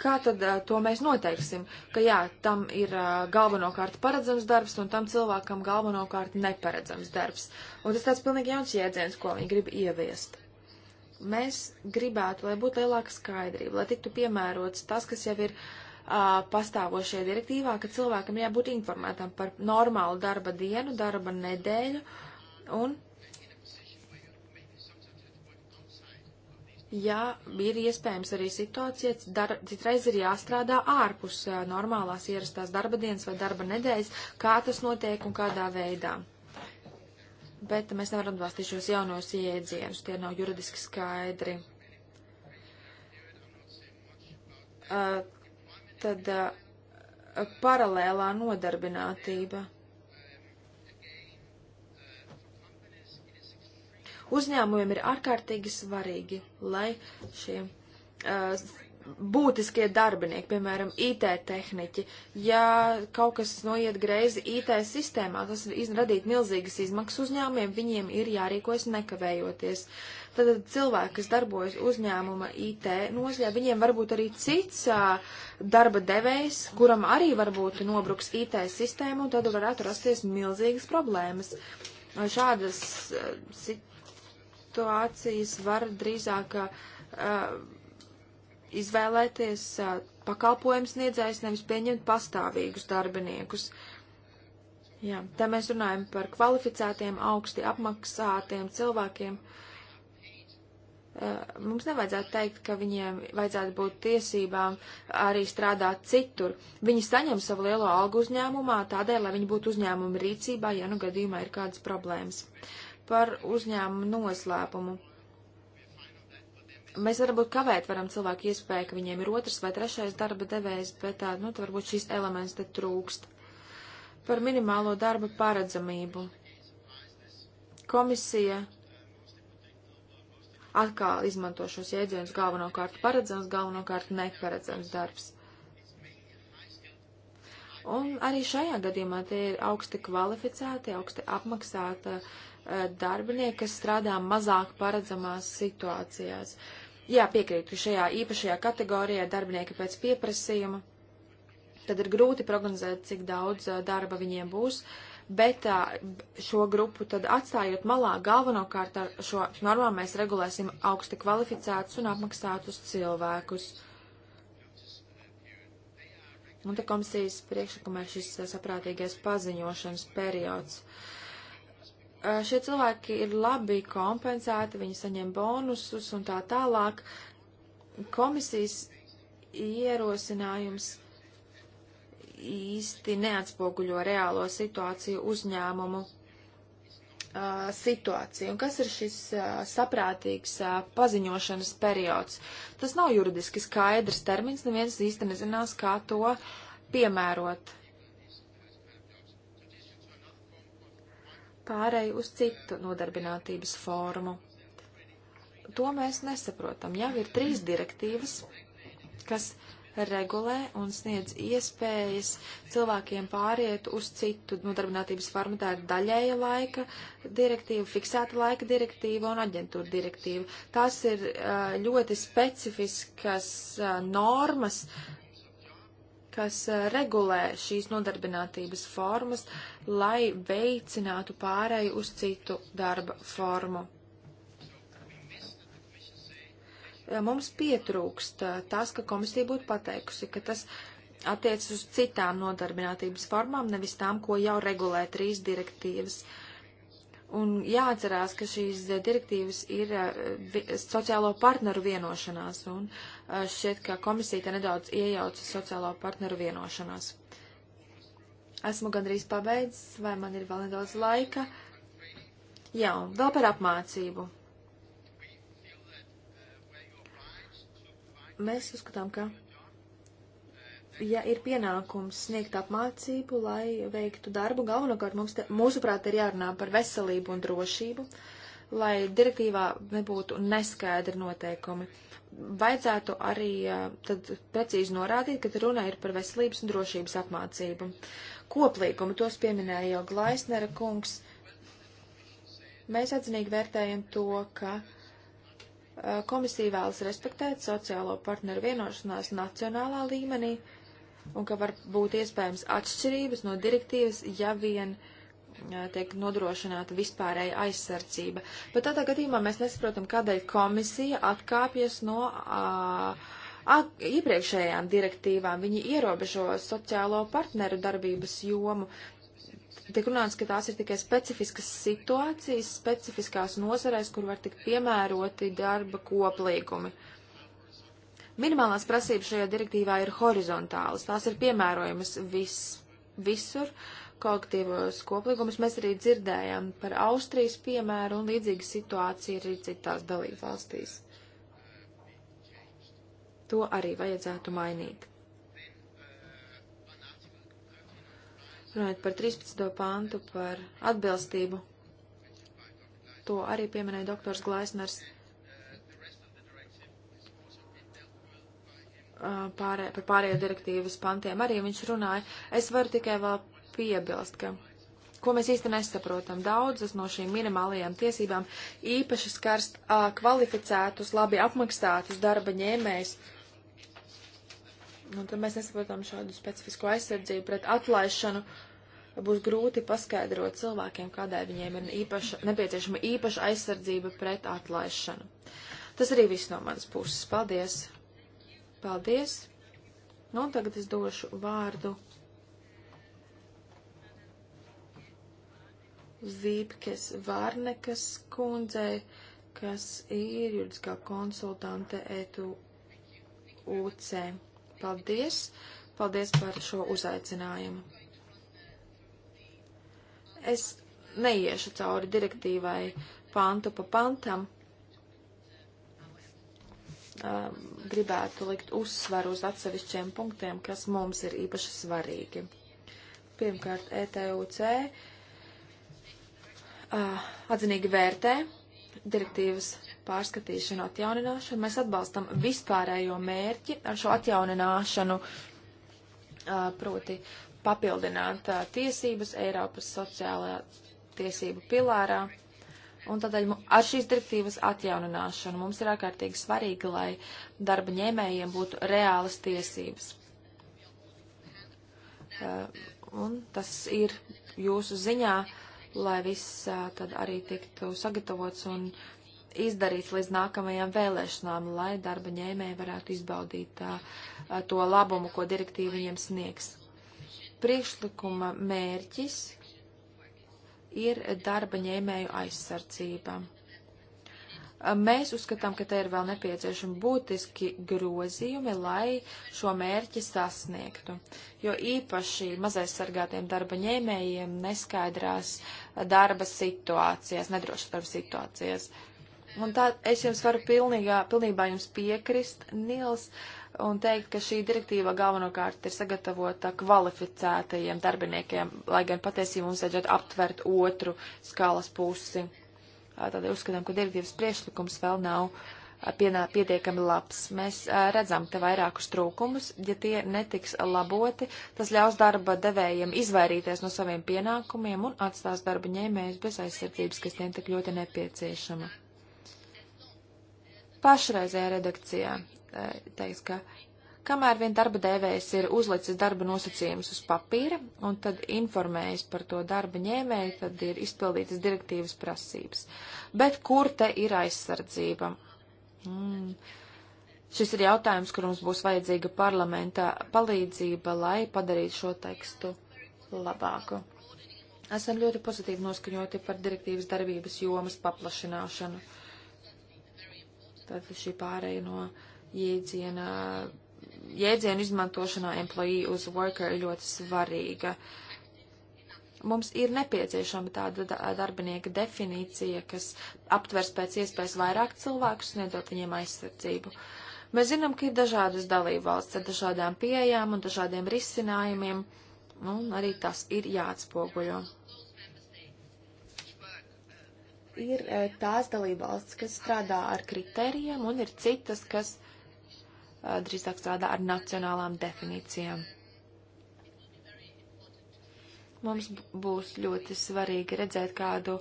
Kā tad to mēs noteiksim? Ka jā, tam ir galvenokārt paredzams darbs un tam cilvēkam galvenokārt neparedzams darbs. Un tas tāds pilnīgi jauns jēdziens, ko viņi grib ieviest. Mēs gribētu, lai būtu lielāka skaidrība, lai tiktu piemērots tas, kas jau ir uh, pastāvošajā direktīvā, ka cilvēkam jābūt informētam par normālu darba dienu, darba nedēļu un Jā, ir iespējams arī situācijas, dar, citreiz ir jāstrādā ārpus normālās ierastās darba dienas vai darba nedēļas, kā tas notiek un kādā veidā. Bet mēs nevaram atbalstīt šos jaunos iedzienus, tie nav juridiski skaidri. Uh, Tad uh, paralēlā nodarbinātība. Uzņēmumiem ir ārkārtīgi svarīgi, lai šie uh, būtiskie darbinieki, piemēram, IT tehniķi, ja kaut kas noiet greizi IT sistēmā, tas radīt milzīgas izmaksas uzņēmumiem, viņiem ir jārīkojas nekavējoties. Tad cilvēki, kas darbojas uzņēmuma IT nozļā, viņiem varbūt arī cits darba devējs, kuram arī varbūt nobruks IT sistēmu, un tad varētu rasties milzīgas problēmas. Šādas situācijas var drīzāk uh, izvēlēties pakalpojums niedzējs, nevis pieņemt pastāvīgus darbiniekus. Jā, te mēs runājam par kvalificētiem, augsti apmaksātiem cilvēkiem. Mums nevajadzētu teikt, ka viņiem vajadzētu būt tiesībām arī strādāt citur. Viņi saņem savu lielo algu uzņēmumā tādēļ, lai viņi būtu uzņēmuma rīcībā, ja nu gadījumā ir kādas problēmas. Par uzņēmumu noslēpumu mēs varbūt kavēt varam cilvēku iespēju, ka viņiem ir otrs vai trešais darba devējs, bet tā, nu, tā varbūt šis elements te trūkst. Par minimālo darba paredzamību. Komisija atkal izmanto šos jēdzienus galvenokārt paredzams, galvenokārt neparedzams darbs. Un arī šajā gadījumā tie ir augsti kvalificēti, augsti apmaksāti eh, darbinieki, kas strādā mazāk paredzamās situācijās. Jā, piekrītu, šajā īpašajā kategorijā darbinieki pēc pieprasījuma, tad ir grūti prognozēt, cik daudz eh, darba viņiem būs, bet eh, šo grupu tad atstājot malā galvenokārt ar šo normām mēs regulēsim augsti kvalificētus un apmaksātus cilvēkus. Un te komisijas priekšlikumā šis eh, saprātīgais paziņošanas periods. Eh, šie cilvēki ir labi kompensēti, viņi saņem bonusus un tā tālāk. Komisijas ierosinājums īsti neatspoguļo reālo situāciju uzņēmumu situācija un kas ir šis uh, saprātīgs uh, paziņošanas periods. Tas nav juridiski skaidrs termins, neviens īsti nezinās, kā to piemērot. Pārēju uz citu nodarbinātības formu. To mēs nesaprotam. Jau ir trīs direktīvas, kas uh, regulē un sniedz iespējas cilvēkiem pāriet uz citu nodarbinātības formu. Tā ir daļēja laika direktīva, fiksēta laika direktīva un aģentūra direktīva. Tās ir uh, ļoti specifiskas uh, normas, kas uh, regulē šīs nodarbinātības formas, lai veicinātu pārēju uz citu darba formu. mums pietrūkst eh, tas, ka komisija būtu pateikusi, ka tas attiecas uz citām nodarbinātības formām, nevis tām, ko jau regulē trīs direktīvas. Un jāatcerās, ka šīs direktīvas ir eh, sociālo partneru vienošanās, un eh, šķiet, ka komisija te nedaudz iejauca sociālo partneru vienošanās. Esmu gandrīz pabeidzis, vai man ir vēl nedaudz laika? Jā, un vēl par apmācību. Mēs uzskatām, ka, ja ir pienākums sniegt apmācību, lai veiktu darbu, galvenokārt mums, te, mūsuprāt, ir jārunā par veselību un drošību, lai direktīvā nebūtu neskaidri noteikumi. Vajadzētu arī tad precīzi norādīt, ka runa ir par veselības un drošības apmācību. Koplīgumu tos pieminēja jau Glaisnera kungs. Mēs atzinīgi vērtējam to, ka uh, komisija vēlas respektēt sociālo partneru vienošanās nacionālā līmenī un ka var būt iespējams atšķirības no direktīvas, ja vien tiek nodrošināta vispārēja aizsardzība. Bet tādā gadījumā mēs nesaprotam, kādēļ komisija atkāpjas no a, a, iepriekšējām direktīvām. Viņi ierobežo sociālo partneru darbības jomu tiek runāts, ka tās ir tikai specifiskas situācijas, specifiskās nozarēs, kur var tikt piemēroti darba koplīgumi. Minimālās prasības šajā direktīvā ir horizontālas, tās ir piemērojamas vis, visur kolektīvos koplīgumus. Mēs arī dzirdējām par Austrijas piemēru un līdzīga situācija ir arī citās dalībvalstīs. To arī vajadzētu mainīt. runājot par 13. pāntu, par atbilstību. To arī pieminēja doktors Glaisners. Pārē, par pārējo direktīvas pantiem arī viņš runāja. Es varu tikai vēl piebilst, ka, ko mēs īsti nesaprotam, daudzas no šīm minimālajām tiesībām īpaši skarst kvalificētus, labi apmaksātus darba ņēmējus. Un tad mēs nesaprotam šādu specifisko aizsardzību pret atlaišanu būs grūti paskaidrot cilvēkiem, kādēļ viņiem ir īpaša, nepieciešama īpaša aizsardzība pret atlaišanu. Tas arī viss no manas puses. Paldies! Paldies! Nu, tagad es došu vārdu Vībkes Vārnekas kundzei, kas ir juridiskā konsultante ETU UC. Paldies! Paldies par šo uzaicinājumu! Es neiešu cauri direktīvai pantu pa pantam. Ehm, gribētu likt uzsvaru uz atsevišķiem punktiem, kas mums ir īpaši svarīgi. Pirmkārt, ETUC eh, atzinīgi vērtē direktīvas pārskatīšanu, atjaunināšanu. Mēs atbalstam vispārējo mērķi ar šo atjaunināšanu, eh, proti papildināt uh, tiesības Eiropas sociālajā tiesību pilārā. Un tādēļ ar šīs direktīvas atjaunināšanu mums ir ārkārtīgi svarīgi, lai darba ņēmējiem būtu reālas tiesības. Uh, un tas ir jūsu ziņā, lai viss uh, tad arī tiktu sagatavots un izdarīts līdz nākamajām vēlēšanām, lai darba ņēmēji varētu izbaudīt uh, to labumu, ko direktīva viņiem sniegs. Priekšlikuma mērķis ir darba ņēmēju aizsardzība. Mēs uzskatām, ka te ir vēl nepieciešami būtiski grozījumi, lai šo mērķi sasniegtu, jo īpaši mazaizsargātiem darba ņēmējiem neskaidrās darba situācijās, nedrošas darba situācijās. Un tā es jums varu pilnīgā, pilnībā jums piekrist, Nils. Uh, un teikt, ka šī direktīva galvenokārt ir sagatavota kvalificētajiem darbiniekiem, lai gan patiesībā mums vajadzētu aptvert otru skalas pusi. Tādēļ uzskatām, ka direktīvas priekšlikums vēl nav pienā, pietiekami labs. Mēs redzam te vairākus trūkumus, ja tie netiks laboti, tas ļaus darba devējiem izvairīties no saviem pienākumiem un atstās darba ņēmējus bez aizsardzības, kas tiem tik ļoti nepieciešama pašreizējā redakcijā Eh, teiks, ka kamēr vien darba devējs ir uzlicis darba nosacījumus uz papīra un tad informējis par to darba ņēmēju, tad ir izpildītas direktīvas prasības. Bet kur te ir aizsardzība? Mm. Šis ir jautājums, kur mums būs vajadzīga parlamentā palīdzība, lai padarītu šo tekstu labāku. Esam ļoti pozitīvi noskaņoti par direktīvas darbības jomas paplašināšanu. Tad šī pārēja no uh, jēdziena, jēdziena izmantošanā employee uz worker ir ļoti svarīga. Mums ir nepieciešama tāda darbinieka definīcija, kas aptvers pēc iespējas vairāk cilvēku, sniedzot viņiem aizsardzību. Mēs zinām, ka ir dažādas dalībvalsts ar dažādām pieejām un dažādiem risinājumiem, nu, un arī tas ir jāatspoguļo ir eh, tās dalībvalsts, kas strādā ar kritērijiem, un ir citas, kas Eh, drīzāk strādā ar nacionālām definīcijām. Mums būs ļoti svarīgi redzēt, kādu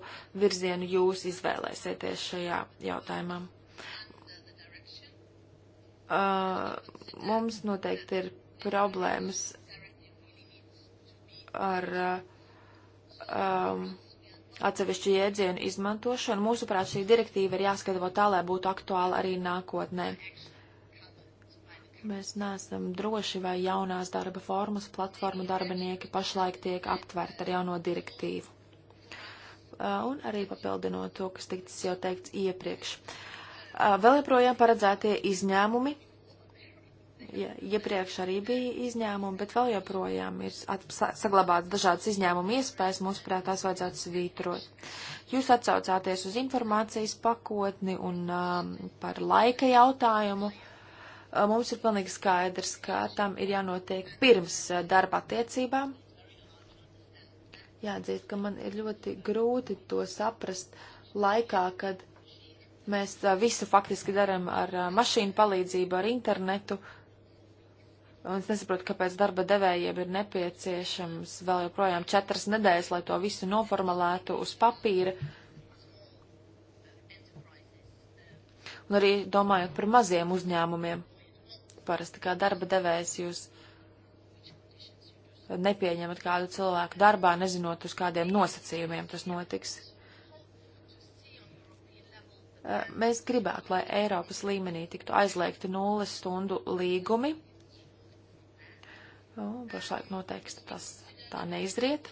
virzienu jūs izvēlēsieties šajā jautājumā. Uh, mums noteikti ir problēmas ar uh, um, atsevišķu jēdzienu izmantošanu. Mūsuprāt, šī direktīva ir jāskatavo tā, lai būtu aktuāla arī nākotnē. Uh, Mēs neesam droši, vai jaunās darba formas platformu darbinieki pašlaik tiek aptverti ar jauno direktīvu. Uh, un arī papildinot to, kas tiks jau teikts iepriekš. Uh, vēl joprojām paredzētie izņēmumi. Ja, iepriekš arī bija izņēmumi, bet vēl joprojām ir saglabāts dažādas izņēmumu iespējas, mūsuprāt, tās vajadzētu svītrot. Jūs atsaucāties uz informācijas pakotni un um, par laika jautājumu. Uh, Mums ir pilnīgi skaidrs, ka tam ir jānotiek pirms darba attiecībām. Jāatzīst, ka man ir ļoti grūti to saprast laikā, kad mēs visu faktiski darām ar mašīnu palīdzību, ar internetu. Un es nesaprotu, kāpēc darba devējiem ir nepieciešams vēl joprojām četras nedēļas, lai to visu noformulētu uz papīra. Un arī domājot par maziem uzņēmumiem parasti kā darba devējs jūs nepieņemat kādu cilvēku darbā, nezinot uz kādiem nosacījumiem tas notiks. Mēs gribētu, lai Eiropas līmenī tiktu aizliegti nulles stundu līgumi. Nu, pašlaik noteikti tas tā neizriet.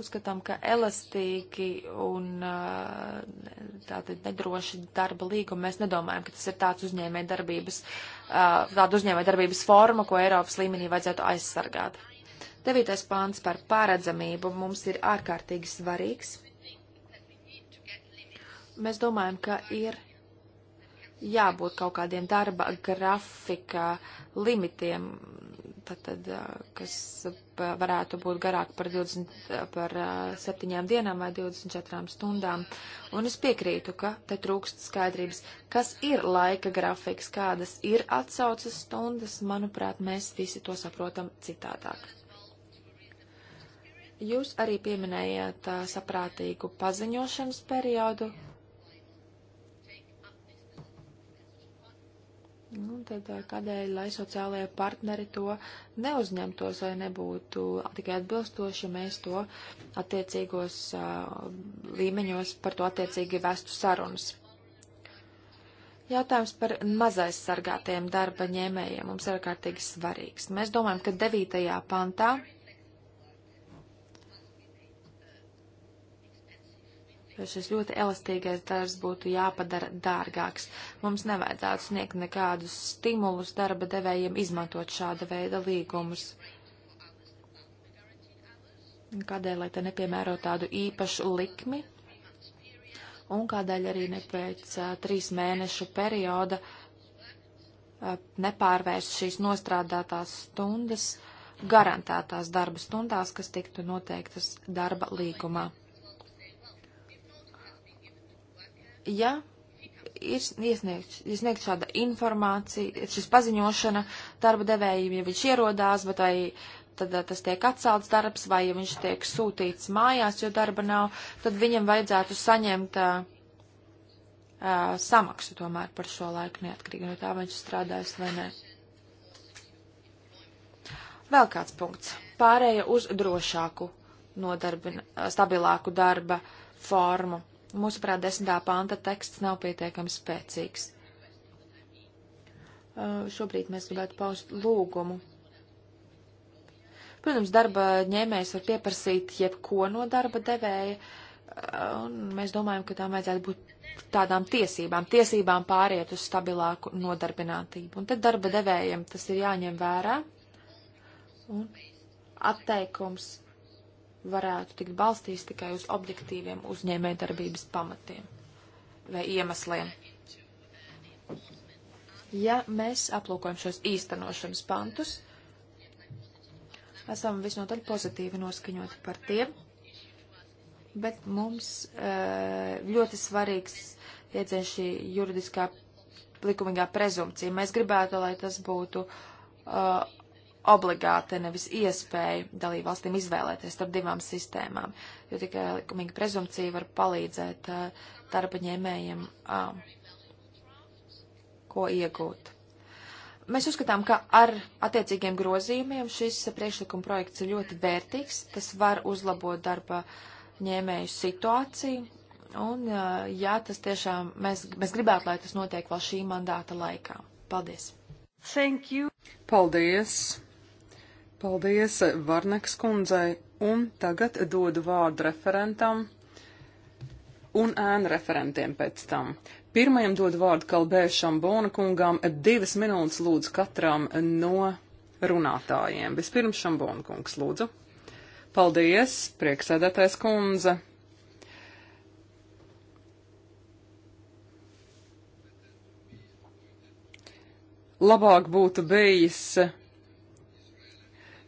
Uzskatām, ka elastīgi un tātad nedroši darba līgumi, mēs nedomājam, ka tas ir tāds uzņēmē darbības, tāda uzņēmē darbības forma, ko Eiropas līmenī vajadzētu aizsargāt. Devītais pāns par pāredzamību mums ir ārkārtīgi svarīgs. Mēs domājam, ka ir jābūt kaut kādiem darba grafika limitiem, tātad, kas darbība varētu būt garāka par, 20, par 7 dienām vai 24 stundām. Un es piekrītu, ka te trūkst skaidrības, kas ir laika grafiks, kādas ir atsaucas stundas. Manuprāt, mēs visi to saprotam citādāk. Jūs arī pieminējāt saprātīgu paziņošanas periodu, Nu, tad eh, kādēļ, lai sociālajie partneri to neuzņemtos, lai nebūtu tikai atbilstoši, ja mēs to attiecīgos uh, līmeņos par to attiecīgi vestu sarunas? Jautājums par mazais sargātajiem darba ņēmējiem mums ir ārkārtīgi svarīgs. Mēs domājam, ka 9. pantā jo šis ļoti elastīgais darbs būtu jāpadara dārgāks. Mums nevajadzētu sniegt nekādus stimulus darba devējiem izmantot šāda veida līgumus. Kādēļ, lai te nepiemēro tādu īpašu likmi? Un kādēļ arī ne pēc a, trīs mēnešu perioda a, nepārvērst šīs nostrādātās stundas garantētās darba stundās, kas tiktu noteiktas darba līgumā? ja ir iesniegts, iesniegts šāda informācija, šis paziņošana darba devējiem, ja viņš ierodās, bet vai tad tas tiek atcelts darbs, vai ja viņš tiek sūtīts mājās, jo darba nav, tad viņam vajadzētu saņemt uh, samaksu tomēr par šo laiku neatkarīgi no tā, vai viņš strādājas vai nē. Vēl kāds punkts. Pārēja uz drošāku, nodarbina, stabilāku darba formu. Mūsuprāt, desmitā panta teksts nav pietiekami spēcīgs. Uh, šobrīd mēs gribētu paust lūgumu. Protams, darba ņēmējs var pieprasīt jebko no darba devēja, uh, un mēs domājam, ka tām vajadzētu būt tādām tiesībām, tiesībām pāriet uz stabilāku nodarbinātību. Un tad darba devējiem tas ir jāņem vērā. Un atteikums varētu tikt balstīts tikai uz objektīviem uzņēmējdarbības pamatiem vai iemesliem. Ja mēs aplūkojam šos īstenošanas pantus, esam visnotaļ pozitīvi noskaņoti par tiem, bet mums eh, ļoti svarīgs iedzien šī juridiskā likumīgā prezumcija. Mēs gribētu, lai tas būtu eh, obligāti, nevis iespēju dalību valstīm izvēlēties starp divām sistēmām, jo tikai likumīga prezumcija var palīdzēt uh, darba ņēmējiem, uh, ko iegūt. Mēs uzskatām, ka ar attiecīgiem grozījumiem šis priekšlikuma projekts ir ļoti vērtīgs, tas var uzlabot darba ņēmēju situāciju, un uh, jā, tas tiešām, mēs, mēs gribētu, lai tas notiek vēl šī mandāta laikā. Paldies!
Thank you! Paldies! Paldies Varneks kundzei, un tagad dodu vārdu referentam un ēnu referentiem pēc tam. Pirmajam dodu vārdu Kalbēšam Bona kungam, divas minūtes lūdzu katram no runātājiem. Vispirms Šambona kungs lūdzu. Paldies, prieksēdētais kundze. Labāk būtu bijis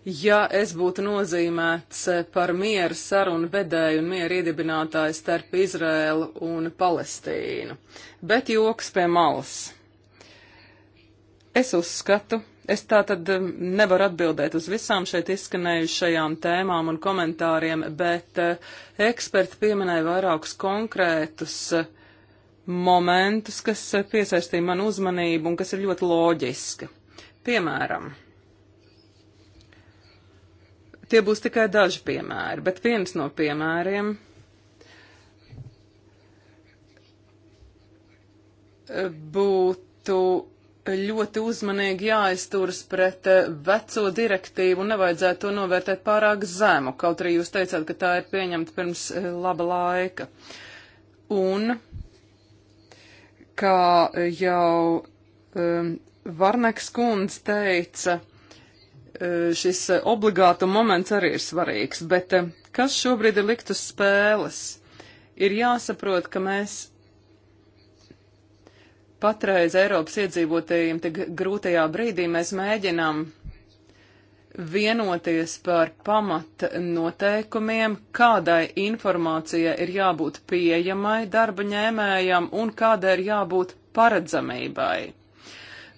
Ja es būtu nozīmēts par mieru sarunu vedēju un mieru iedibinātāju starp Izrēlu un Palestīnu, bet joks pie malas. Es uzskatu, es tā tad um, nevaru atbildēt uz visām šeit izskanējušajām tēmām un komentāriem, bet uh, eksperti pieminēja vairākus konkrētus uh, momentus, kas uh, piesaistīja manu uzmanību un kas ir ļoti loģiski. Piemēram, Tie būs tikai daži piemēri, bet viens no piemēriem e, būtu ļoti uzmanīgi jāizturas pret e, veco direktīvu un nevajadzētu to novērtēt pārāk zemu, kaut arī jūs teicāt, ka tā ir pieņemta pirms e, laba laika. Un, kā jau um, Varneks kundze teica, uh, E, šis e, obligātu moments arī ir svarīgs, bet e, kas šobrīd ir likt uz spēles? Ir jāsaprot, ka mēs patreiz Eiropas iedzīvotājiem tik grūtajā brīdī mēs mēģinām vienoties par pamata noteikumiem, kādai informācijai ir jābūt pieejamai darba ņēmējam un kādai ir jābūt paredzamībai.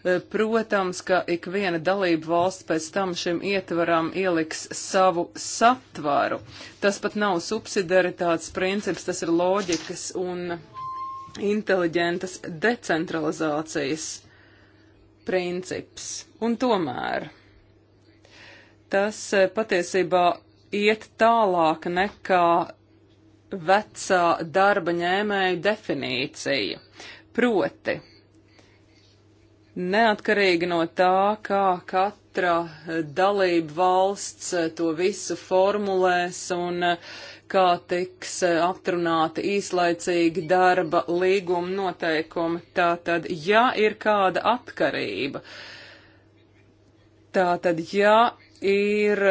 E, protams, ka ik viena dalība valsts pēc tam šim ietvaram ieliks savu satvaru. Tas pat nav subsidiaritātes princips, tas ir loģikas un inteliģentas decentralizācijas princips. Un tomēr tas e, patiesībā iet tālāk nekā vecā darba ņēmēju definīcija. Proti, neatkarīgi no tā, kā katra dalība valsts to visu formulēs un eh, kā tiks eh, aptrunāti īslaicīgi darba līguma noteikumi. Tātad, ja ir kāda atkarība, tātad, ja ir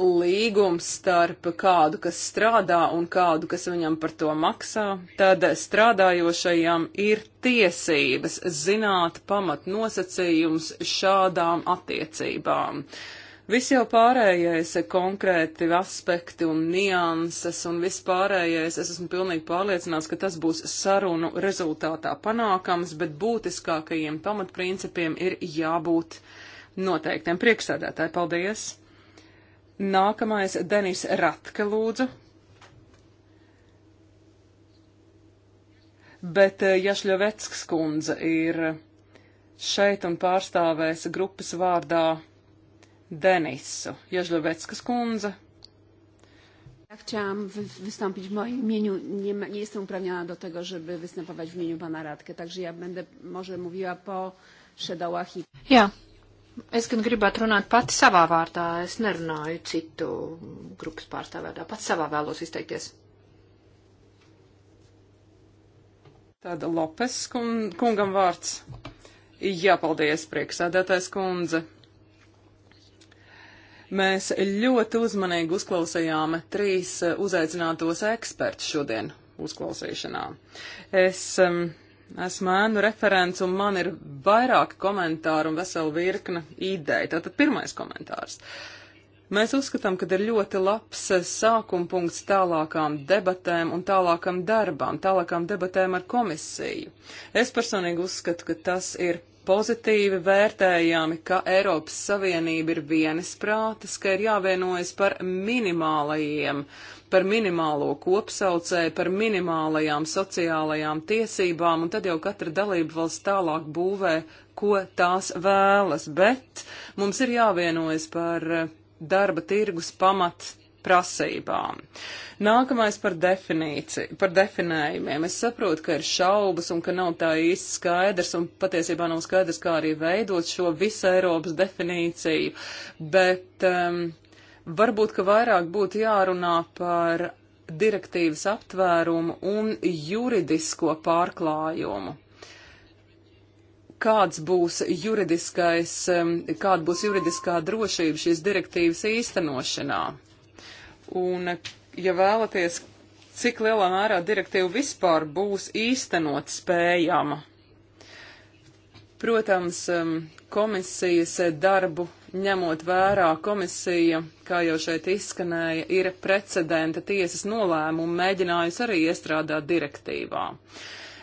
līgums starp kādu, kas strādā un kādu, kas viņam par to maksā, tad strādājošajam ir tiesības zināt pamat nosacījums šādām attiecībām. Viss jau pārējais ir konkrēti aspekti un nianses un viss pārējais. Es esmu pilnīgi pārliecināts, ka tas būs sarunu rezultātā panākams, bet būtiskākajiem pamatprincipiem ir jābūt noteiktiem. Priekšsēdētāji, paldies! Nākamais Denis Ratke lūdzu. Bet eh, Jašļovetskas kundze ir šeit un pārstāvēs grupas vārdā Denisu. Jašļovetskas kundze. Ja chciałam
wy wystąpić w moim imieniu. Nie, ma, nie jestem uprawniona do tego, żeby występować w imieniu pana Radkę, także ja będę może mówiła po szedołach i... Ja. Es gan gribētu runāt pati savā vārdā, es nerunāju citu grupas pārstāvētā, pati savā vēlos
izteikties. Tāda Lopes kungam vārds. Jā, paldies, prieksēdētais kundze. Mēs ļoti uzmanīgi uzklausījām trīs uzaicinātos ekspertus šodien uzklausīšanā. Es um, esmu ēnu referents un man ir vairāki komentāri un vesela virkna ideja. Tātad pirmais komentārs. Mēs uzskatām, ka ir ļoti labs sākuma punkts tālākām debatēm un tālākam darbam, tālākām debatēm ar komisiju. Es personīgi uzskatu, ka tas ir pozitīvi vērtējami, ka Eiropas Savienība ir vienisprātis, ka ir jāvienojas par minimālajiem, par minimālo kopsaucēju, par minimālajām sociālajām tiesībām, un tad jau katra dalība valsts tālāk būvē, ko tās vēlas, bet mums ir jāvienojas par darba tirgus pamat prasībām. Nākamais par, par definējumiem. Es saprotu, ka ir šaubas un ka nav tā īsti skaidrs un patiesībā nav skaidrs, kā arī veidot šo visu Eiropas definīciju, bet um, varbūt, ka vairāk būtu jārunā par direktīvas aptvērumu un juridisko pārklājumu. Kāds būs juridiskais, um, kāda būs juridiskā drošība šīs direktīvas īstenošanā? Un, ja vēlaties, cik lielā mērā direktīva vispār būs īstenot spējama? Protams, um, komisijas darbu ņemot vērā komisija, kā jau šeit izskanēja, ir precedenta tiesas nolēmumu mēģinājusi arī iestrādāt direktīvā.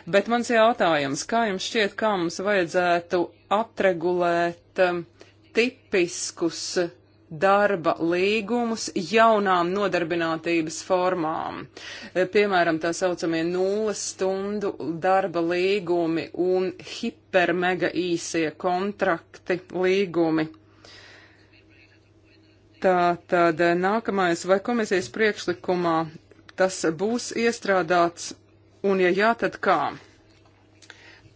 Bet mans jautājums, kā jums šķiet, kā mums vajadzētu atregulēt um, tipiskus darba līgumus jaunām nodarbinātības formām. E, piemēram, tā saucamie nulles stundu darba līgumi un hipermega īsie kontrakti līgumi. Tā tad e, nākamais vai komisijas priekšlikumā tas būs iestrādāts, un ja jā, tad kā?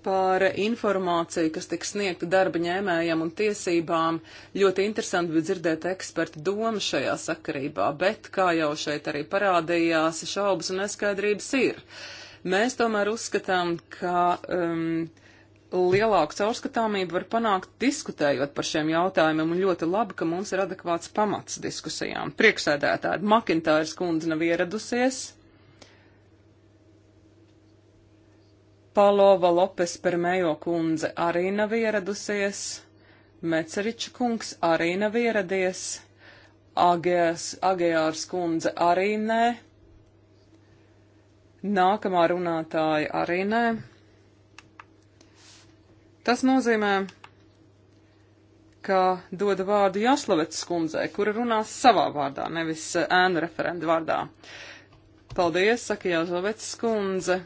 par informāciju, kas tiks sniegta darba ņēmējiem un tiesībām. Ļoti interesanti bija dzirdēt eksperta domu šajā sakarībā, bet, kā jau šeit arī parādījās, šaubas un neskaidrības ir. Mēs tomēr uzskatām, ka um, lielāku caurskatāmību var panākt diskutējot par šiem jautājumiem, un ļoti labi, ka mums ir adekvāts pamats diskusijām. Prieksēdētāji, Makintājas kundze nav ieradusies. Palova Lopes Permejo kundze arī nav ieradusies, Meceriča kungs arī nav ieradies, Agēs, Agējārs kundze arī nē, nākamā runātāja arī nē. Tas nozīmē, ka doda vārdu Jaslovets kundzei, kura runās savā vārdā, nevis eh, ēnu referendu vārdā. Paldies, saka Jaslovets kundze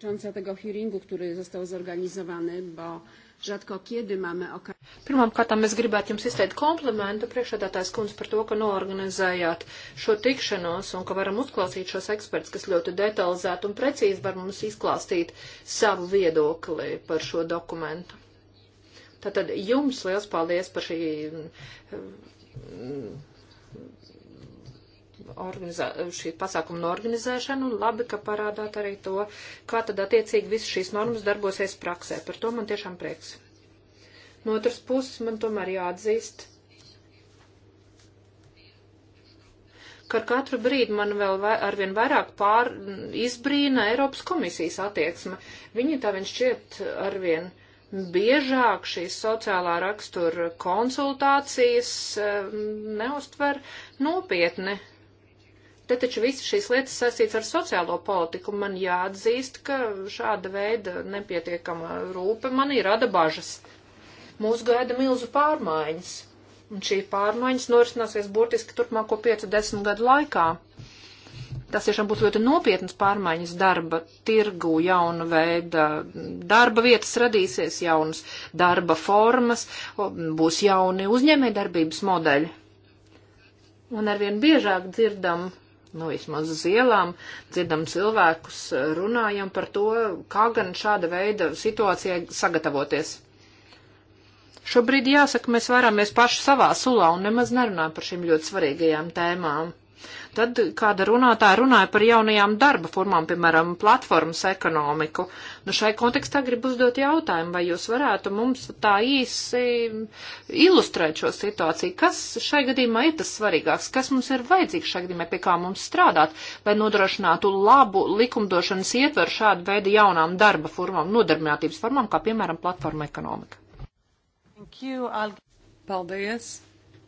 dotycząca tego hearingu, który został zorganizowany, bo rzadko kiedy mamy okazję. Pirmkārt, es gribētu jums izteikt komplimentu priekšādātājs kundze par to, ka noorganizējāt šo tikšanos un ka varam uzklausīt šos eksperts, kas ļoti detalizēti un precīzi var mums izklāstīt savu viedokli par šo dokumentu. Tātad jums liels paldies par šī organizā, šī pasākuma norganizēšanu, un labi, ka parādāt arī to, kā tad attiecīgi visas šīs normas darbosies praksē. Par to man tiešām prieks. No otras puses, man tomēr jāatzīst, ka ar katru brīdi man vēl vai, arvien vairāk pār izbrīna Eiropas komisijas attieksme. Viņi tā viņš šķiet arvien biežāk šīs sociālā rakstura konsultācijas eh, neustver nopietni. Te taču visas šīs lietas saistīts ar sociālo politiku. Man jāatzīst, ka šāda veida nepietiekama rūpe manī rada bažas. Mūs gaida milzu pārmaiņas, un šī pārmaiņas norisināsies burtiski turpmāko 5-10 gadu laikā. Tas tiešām būs ļoti nopietnas pārmaiņas darba tirgu, jauna veida darba vietas radīsies, jaunas darba formas, būs jauni uzņēmē darbības modeļi. Un arvien biežāk dzirdam nu, vismaz uz ielām, dzirdam cilvēkus, eh, runājam par to, kā gan šāda veida situācijai sagatavoties. Šobrīd jāsaka, mēs vairāmies paši savā sulā un nemaz nerunājam par šīm ļoti svarīgajām tēmām. Tad kāda runātāja runāja par jaunajām darba formām, piemēram, platformas ekonomiku. Nu, šai kontekstā gribu uzdot jautājumu, vai jūs varētu mums tā īsi ilustrēt šo situāciju. Kas šai gadījumā ir tas svarīgāks? Kas mums ir vajadzīgs šai gadījumā, pie kā mums strādāt, lai nodrošinātu labu likumdošanas ietveru šādu veidu jaunām darba formām, nodarbinātības formām, kā piemēram platforma ekonomika?
Paldies!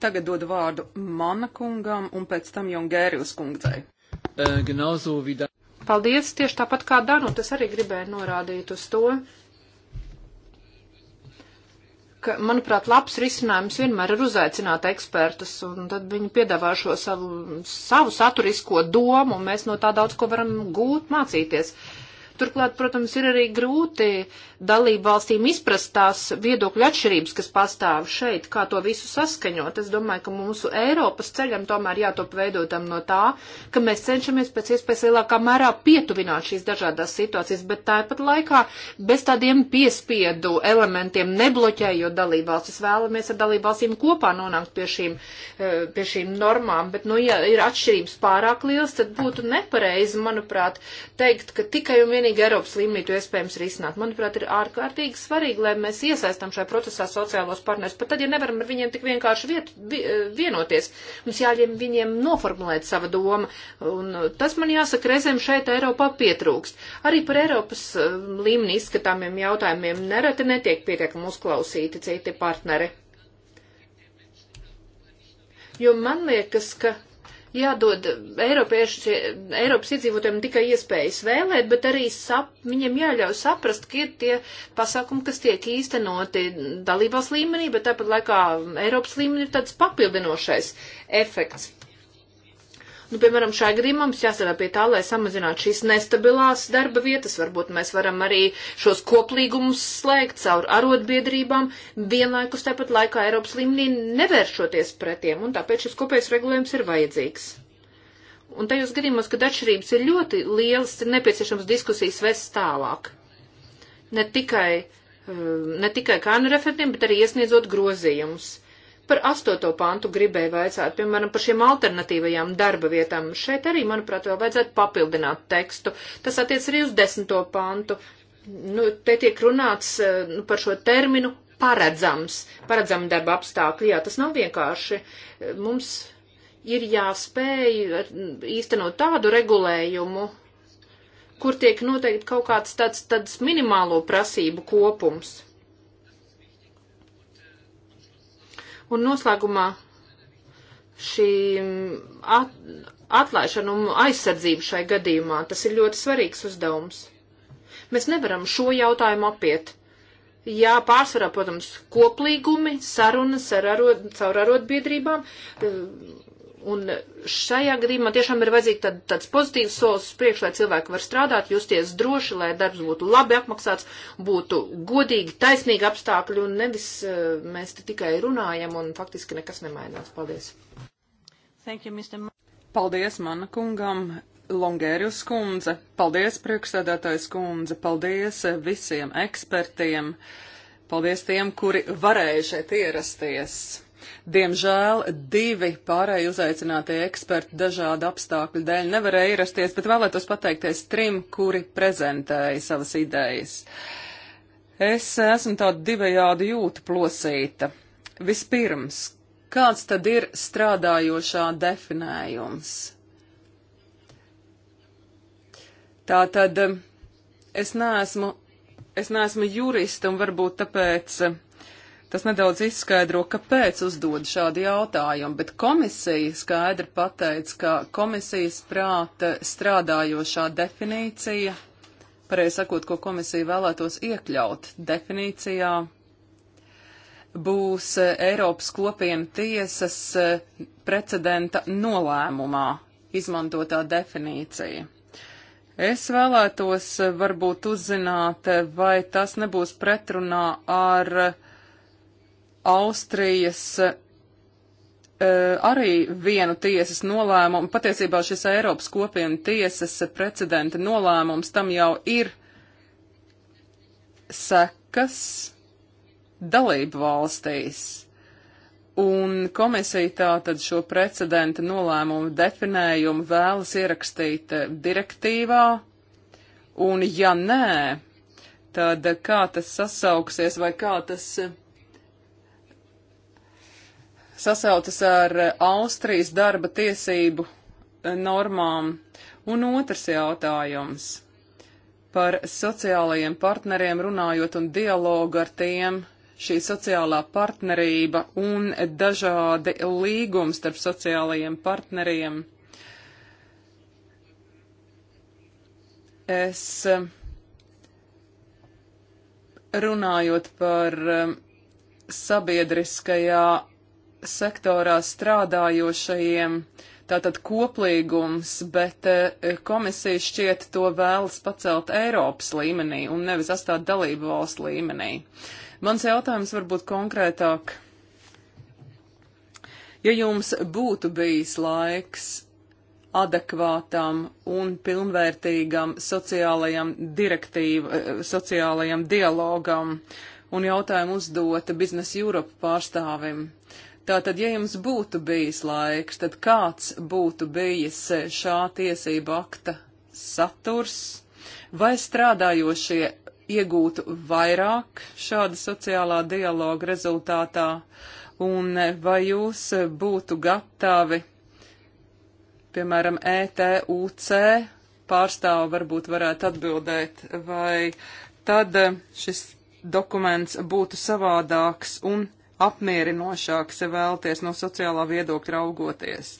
Tagad dodu vārdu mana kungam un pēc tam Jongērijas kungdzei. Paldies, tieši tāpat kā Danu, tas arī gribēju norādīt uz to,
ka, manuprāt, labs risinājums vienmēr ir uzaicināt ekspertus, un tad viņi piedāvā šo savu, savu saturisko domu, un mēs no tā daudz ko varam gūt, mācīties. Uh, Turklāt, protams, ir arī grūti dalību valstīm izprast tās viedokļu atšķirības, kas pastāv šeit, kā to visu saskaņot. Es domāju, ka mūsu Eiropas ceļam tomēr jātop veidotam no tā, ka mēs cenšamies pēc iespējas lielākā mērā pietuvināt šīs dažādās situācijas, bet tāpat laikā bez tādiem piespiedu elementiem nebloķējot dalībvalstis. Vēlamies ar dalībvalstīm kopā nonākt pie šīm, eh, pie šīm normām, bet, nu, ja ir atšķirības pārāk liels, tad būtu nepareizi, manuprāt, teikt, ka tikai un vienīgi vienīgi Eiropas līmenī to iespējams risināt. Manuprāt, ir ārkārtīgi svarīgi, lai mēs iesaistam šajā procesā sociālos partners, pat tad, ja nevaram ar viņiem tik vienkārši viet, vienoties, mums jāļem viņiem noformulēt sava doma, un tas man jāsaka reizēm šeit Eiropā pietrūkst. Arī par Eiropas um, līmeni izskatāmiem jautājumiem nereti netiek pietiekami uzklausīti citi partneri. Jo man liekas, ka jādod Eiropiešu, Eiropas iedzīvotājiem tikai iespējas vēlēt, bet arī sap, viņiem jāļauj saprast, ka ir tie pasākumi, kas tiek īstenoti dalībās līmenī, bet tāpat laikā Eiropas līmenī ir tāds papildinošais efekts. Nu, piemēram, šajā gadījumā mums jāsarā pie tā, lai samazinātu šīs nestabilās darba vietas. Varbūt mēs varam arī šos koplīgumus slēgt caur arotbiedrībām, vienlaikus tāpat laikā Eiropas līmenī nevēršoties pret tiem, un tāpēc šis kopējs regulējums ir vajadzīgs. Un tajos gadījumos, kad atšķirības ir ļoti lielas, ir nepieciešams diskusijas vest tālāk. Ne tikai, eh, ne tikai kā nu referentiem, bet arī iesniedzot grozījumus Par astoto pantu gribēju vaicāt, piemēram, par šiem alternatīvajām darba vietām. Šeit arī, manuprāt, vēl vajadzētu papildināt tekstu. Tas attiec arī uz desmito pantu. Nu, te tiek runāts eh, nu, par šo terminu paredzams, paredzami darba apstākļi. Jā, tas nav vienkārši. Mums ir jāspēj īstenot tādu regulējumu, kur tiek noteikti kaut kāds tāds, tāds minimālo prasību kopums. Un noslēgumā šī at, atlaišana un aizsardzība šai gadījumā, tas ir ļoti svarīgs uzdevums. Mēs nevaram šo jautājumu apiet. Jā, pārsvarā, protams, koplīgumi, sarunas ar arod, caur arotbiedrībām, Un šajā gadījumā tiešām ir vajadzīgs tād, tāds pozitīvs solis priekš, lai cilvēki var strādāt, justies droši, lai darbs būtu labi apmaksāts, būtu godīgi, taisnīgi apstākļi, un nevis eh, mēs te tikai runājam, un faktiski nekas
nemainās. Paldies! Thank you, Mr. Ma paldies mana kungam! Longērius kundze, paldies priekšsēdētājs kundze, paldies eh, visiem ekspertiem, paldies tiem, kuri varēja šeit ierasties. Diemžēl divi pārējie uzaicinātie eksperti dažādu apstākļu dēļ nevarēja ierasties, bet vēlētos pateikties trim, kuri prezentēja savas idejas. Es esmu tāda divējādi jūta plosīta. Vispirms, kāds tad ir strādājošā definējums? Tātad eh, es neesmu, es neesmu jurista un varbūt tāpēc eh, Tas nedaudz izskaidro, kāpēc uzdod šādu jautājumu, bet komisija skaidri pateica, ka komisijas prāta strādājošā definīcija, pareizi sakot, ko komisija vēlētos iekļaut definīcijā, būs eh, Eiropas kopiena tiesas eh, precedenta nolēmumā izmantotā definīcija. Es vēlētos eh, varbūt uzzināt, vai tas nebūs pretrunā ar uh, Austrijas eh, arī vienu tiesas nolēmumu, patiesībā šis Eiropas kopienu tiesas precedenta nolēmums tam jau ir sekas dalību valstīs. Un komisija tātad šo precedenta nolēmumu definējumu vēlas ierakstīt eh, direktīvā, un ja nē, tad kā tas sasauksies vai kā tas sasautas ar eh, Austrijas darba tiesību eh, normām. Un otrs jautājums par sociālajiem partneriem runājot un dialogu ar tiem. Šī sociālā partnerība un dažādi līgumi starp sociālajiem partneriem. Es eh, runājot par sabiedriskajā sektorā strādājošajiem tātad koplīgums, bet eh, komisija šķiet to vēlas pacelt Eiropas līmenī un nevis atstāt dalību valstu līmenī. Mans jautājums varbūt konkrētāk. Ja jums būtu bijis laiks adekvātam un pilnvērtīgam sociālajam direktīvu, eh, sociālajam dialogam un jautājumu uzdota biznesa Europa pārstāvim, uh, Tātad, ja jums būtu bijis laiks, tad kāds būtu bijis šā tiesība akta saturs? Vai strādājošie iegūtu vairāk šāda sociālā dialoga rezultātā? Un vai jūs būtu gatavi, piemēram, ETUC pārstāvu varbūt varētu atbildēt, vai tad šis dokuments būtu savādāks un apmierinošāks vēlties no sociālā viedokļa raugoties.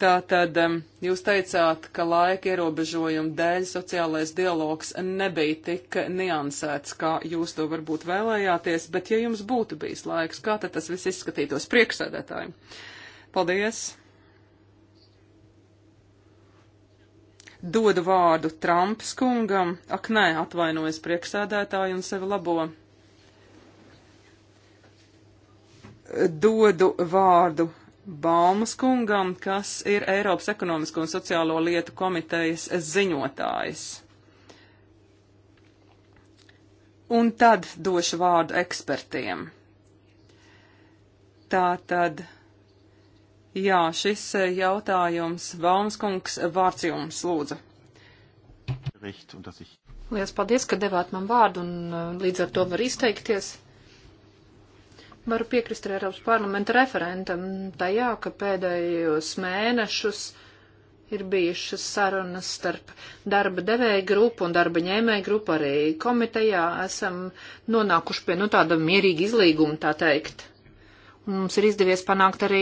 Tātad jūs teicāt, ka laika ierobežojumu dēļ sociālais dialogs nebija tik niansēts, kā jūs to varbūt vēlējāties, bet ja jums būtu bijis laiks, kā tad tas viss izskatītos priekšsēdētājiem? Paldies! Dodu vārdu Trumps kungam. Ak, nē, atvainojas priekšsēdētāju un sevi labo. dodu vārdu Baumas kungam, kas ir Eiropas ekonomisko un sociālo lietu komitejas ziņotājs. Un tad došu vārdu ekspertiem. Tā tad, jā, šis jautājums, Baumas kungs, vārds jums lūdzu.
Liels paldies, ka devāt man vārdu un uh, līdz ar to var izteikties. Varu piekrist arī Eiropas parlamenta referentam tajā, ka pēdējos mēnešus ir bijušas sarunas starp darba devēja grupu un darba ņēmēja grupu arī komitejā. Esam nonākuši pie, nu, tāda mierīga izlīguma, tā teikt. Mums ir izdevies panākt arī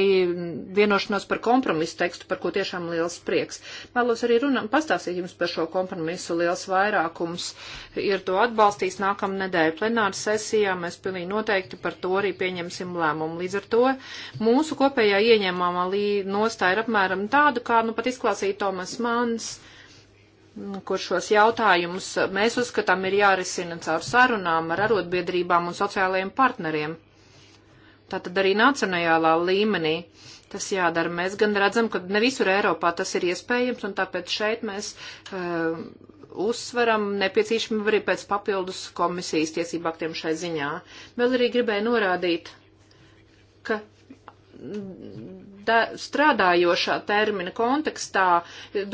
vienošanos par kompromisu tekstu, par ko tiešām liels prieks. Vēlos arī runā, pastāstīt jums par šo kompromisu. Liels vairākums ir to atbalstījis nākamā nedēļa plenāra sesijā. Mēs pilnīgi noteikti par to arī pieņemsim lēmumu. Līdz ar to mūsu kopējā ieņemamā nostāja ir apmēram tāda, kā nu pat izklāsīja Tomas Mans kur šos jautājumus mēs uzskatām ir jārisina caur sarunām ar arotbiedrībām un sociālajiem partneriem tātad arī nacionālā līmenī. Tas jādara. Mēs gan redzam, ka ne visur Eiropā tas ir iespējams, un tāpēc šeit mēs uh, uzsveram nepieciešamību arī pēc papildus komisijas tiesību aktiem šai ziņā. Vēl arī gribēju norādīt, ka da, strādājošā termina kontekstā,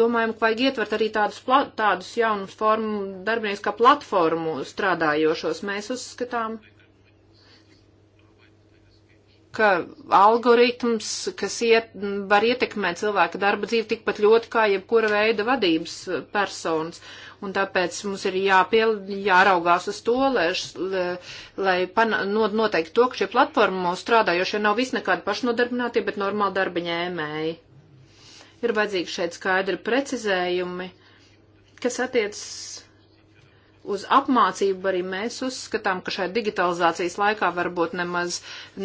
domājam, ka vajag ietvert arī tādus, pla, tādus jaunus formu darbinieks kā platformu strādājošos. Mēs uzskatām, ka algoritms, kas iet, var ietekmēt cilvēka darba dzīvi tikpat ļoti kā jebkura veida vadības personas. Un tāpēc mums ir jāpiel, jāraugās uz to, lai, lai pan, noteikti to, ka šie platformā strādājošie nav visi nekādi pašnodarbinātie, bet normāli darba ņēmēji. Ir vajadzīgi šeit skaidri precizējumi, kas attiecas uz apmācību arī mēs uzskatām, ka šai digitalizācijas laikā varbūt nemaz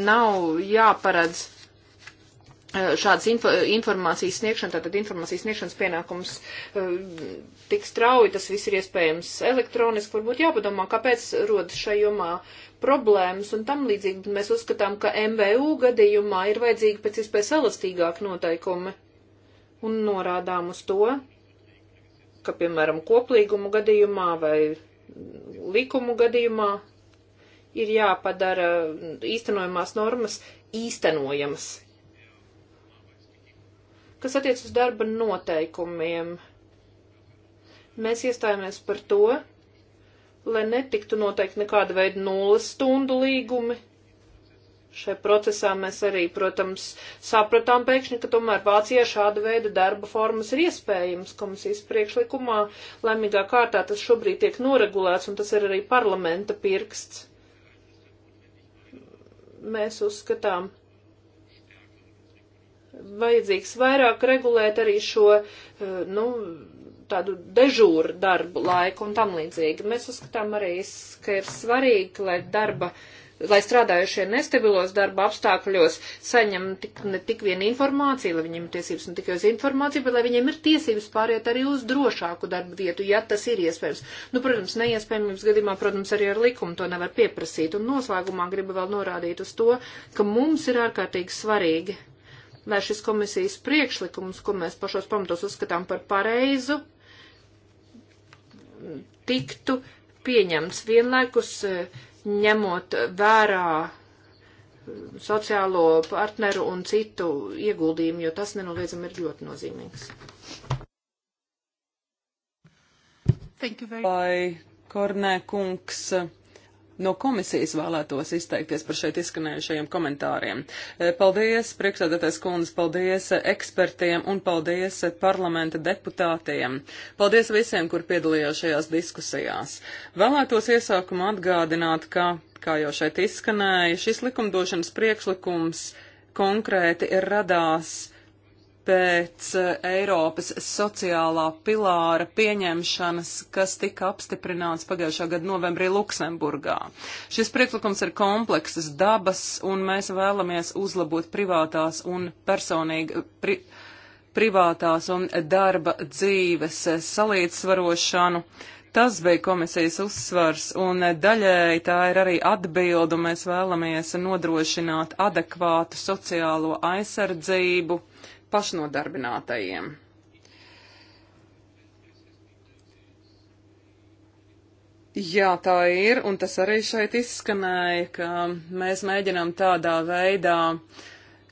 nav jāparedz e, šādas info, informācijas sniegšana, tātad informācijas sniegšanas pienākums e, tik strauji, tas viss ir iespējams elektroniski, varbūt jāpadomā, kāpēc rodas šai jomā problēmas un tam līdzīgi, bet mēs uzskatām, ka MVU gadījumā ir vajadzīgi pēc iespējas elastīgāk noteikumi un norādām uz to, ka, piemēram, koplīgumu gadījumā vai likumu gadījumā ir jāpadara īstenojamās normas īstenojamas. Kas attiec uz darba noteikumiem, mēs iestājāmies par to, lai netiktu noteikti nekāda veida nulles stundu līgumi, Šai procesā mēs arī, protams, sapratām pēkšņi, ka tomēr Vācijā šāda veida darba formas ir iespējams komisijas priekšlikumā. Laimīgā kārtā tas šobrīd tiek noregulēts, un tas ir arī parlamenta pirksts. Mēs uzskatām, vajadzīgs vairāk regulēt arī šo, eh, nu, tādu dežūru darbu laiku un tam līdzīgi. Mēs uzskatām arī, ka ir svarīgi, lai darba uh, lai strādājušie nestabilos darba apstākļos saņem tik, ne tik vien informāciju, lai viņiem ir tiesības ne tikai uz informāciju, bet lai viņiem ir tiesības pāriet arī uz drošāku darba vietu, ja tas ir iespējams. Nu, protams, neiespējamības gadījumā, protams, arī ar likumu to nevar pieprasīt. Un noslēgumā gribu vēl norādīt uz to, ka mums ir ārkārtīgi svarīgi, lai šis komisijas priekšlikums, ko mēs pašos pamatos uzskatām par pareizu, tiktu pieņemts vienlaikus uh, ņemot vērā um, sociālo partneru un citu
ieguldījumu, jo tas nenoliedzami ir ļoti nozīmīgs. Vai Kornē kungs no komisijas vēlētos izteikties par šeit izskanējušajiem komentāriem. Eh, paldies, priekšsēdētais kundze, paldies eh, ekspertiem un paldies eh, parlamenta deputātiem. Paldies visiem, kur piedalījās šajās diskusijās. Vēlētos iesākumu atgādināt, ka, kā jau šeit izskanēja, šis likumdošanas priekšlikums konkrēti ir radās pēc eh, Eiropas sociālā pilāra pieņemšanas, kas tika apstiprināts pagājušā gada novembrī Luksemburgā. Šis priekšlikums ir kompleksas dabas, un mēs vēlamies uzlabot privātās un personīgi. Pri, privātās un darba dzīves eh, salīdzvarošanu. Tas bija komisijas uzsvars, un eh, daļēji tā ir arī atbildu. Mēs vēlamies nodrošināt adekvātu sociālo aizsardzību pašnodarbinātajiem. Jā, tā ir, un tas arī šeit izskanēja, ka mēs mēģinām tādā veidā uh,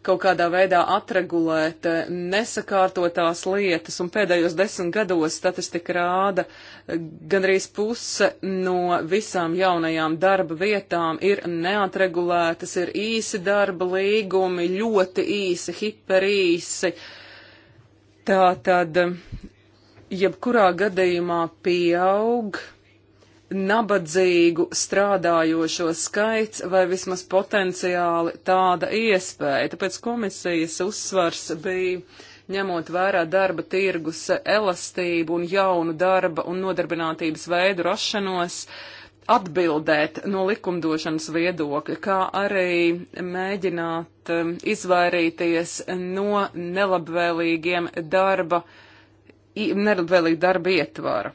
kaut kādā veidā atregulēt eh, nesakārtotās lietas, un pēdējos desmit gados statistika rāda, eh, gandrīz puse no visām jaunajām darba vietām ir neatregulētas, ir īsi darba līgumi, ļoti īsi, hiperīsi. Tā tad, eh, jebkurā gadījumā pieaug nabadzīgu strādājošo skaits vai vismaz potenciāli tāda iespēja. Tāpēc komisijas uzsvars bija ņemot vērā darba tirgus elastību un jaunu darba un nodarbinātības veidu rašanos, atbildēt no likumdošanas viedokļa, kā arī mēģināt um, izvairīties no nelabvēlīgiem darba, nelabvēlīgi darba ietvara.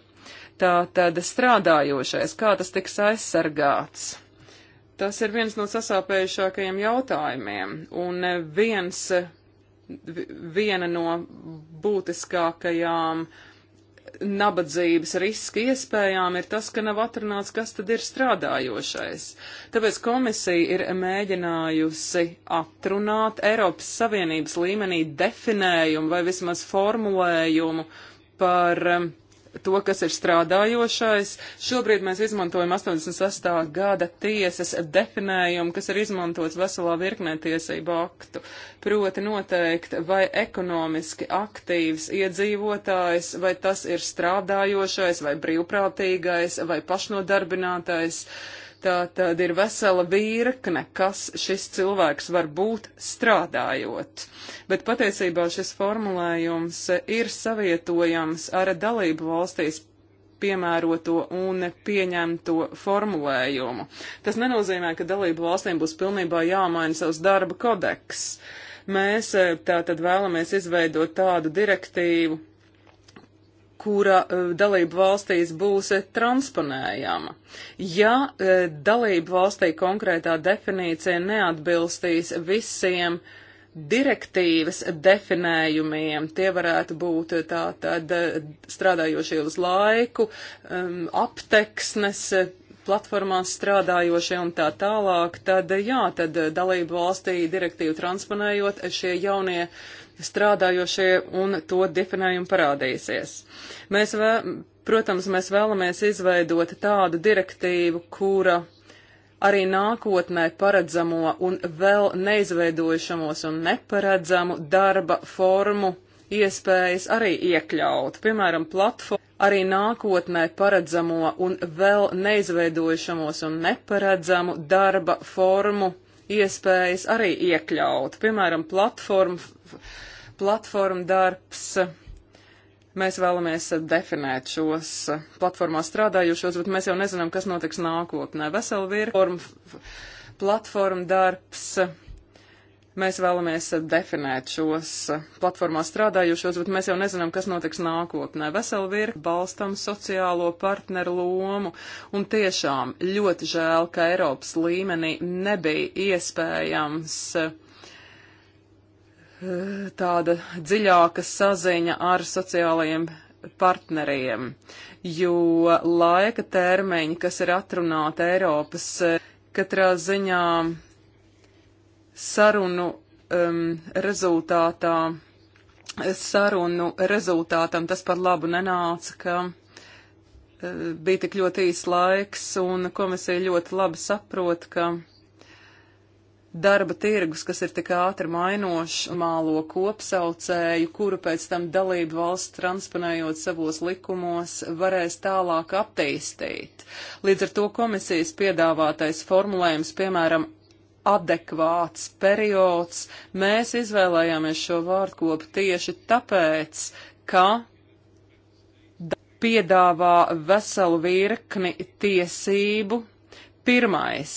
Tātad strādājošais, kā tas tiks aizsargāts? Tas ir viens no sasāpējušākajiem jautājumiem, un viens, viena no būtiskākajām nabadzības riska iespējām ir tas, ka nav atrunāts, kas tad ir strādājošais. Tāpēc komisija ir mēģinājusi atrunāt Eiropas Savienības līmenī definējumu vai vismaz formulējumu par um, to, kas ir strādājošais. Šobrīd mēs izmantojam 86. gada tiesas definējumu, kas ir izmantots veselā virknē tiesību aktu. Proti noteikt, vai ekonomiski aktīvs iedzīvotājs, vai tas ir strādājošais, vai brīvprātīgais, vai pašnodarbinātais. Uh, Tā tad ir vesela virkne, kas šis cilvēks var būt strādājot. Bet patiesībā šis formulējums ir savietojams ar dalību valstīs piemēroto un pieņemto formulējumu. Tas nenozīmē, ka dalību valstīm būs pilnībā jāmaina savs darba kodeks. Mēs eh, tātad vēlamies izveidot tādu direktīvu, kura e, dalību valstīs būs transponējama. Ja e, dalību valstī konkrētā definīcija neatbilstīs visiem direktīvas definējumiem, tie varētu būt tātad e, strādājošie uz laiku, apteksnes, platformās strādājošie un tā tālāk, tad jā, tad dalību valstī direktīvu transponējot šie jaunie strādājošie un to definējumi parādīsies. Mēs vē, protams, mēs vēlamies izveidot tādu direktīvu, kura arī nākotnē paredzamo un vēl neizveidojušamos un neparedzamu darba formu iespējas arī iekļaut, piemēram, platformu. Arī nākotnē paredzamo un vēl neizveidojušamos un neparedzamu darba formu iespējas arī iekļaut, piemēram, platformu platforma darbs. Mēs vēlamies definēt šos platformā strādājušos, bet mēs jau nezinām, kas notiks nākotnē. Vesela virkne platforma darbs. Mēs vēlamies definēt šos platformā strādājušos, bet mēs jau nezinām, kas notiks nākotnē. Vesela virkne balstam sociālo partneru lomu. Un tiešām ļoti žēl, ka Eiropas līmenī nebija iespējams uh, tāda dziļāka saziņa ar sociālajiem partneriem, jo laika termiņi, kas ir atrunāti Eiropas, eh, katrā ziņā sarunu um, rezultātā, sarunu rezultātam tas par labu nenāca, ka uh, bija tik ļoti īs laiks, un komisija ļoti labi saprot, ka uh, darba tirgus, kas ir tik ātri mainošs, mālo kopsaucēju, kuru pēc tam dalību valsts transponējot savos likumos varēs tālāk attīstīt. Līdz ar to komisijas piedāvātais formulējums, piemēram, adekvāts periods, mēs izvēlējāmies šo vārdkopu tieši tāpēc, ka piedāvā veselu virkni tiesību. Pirmais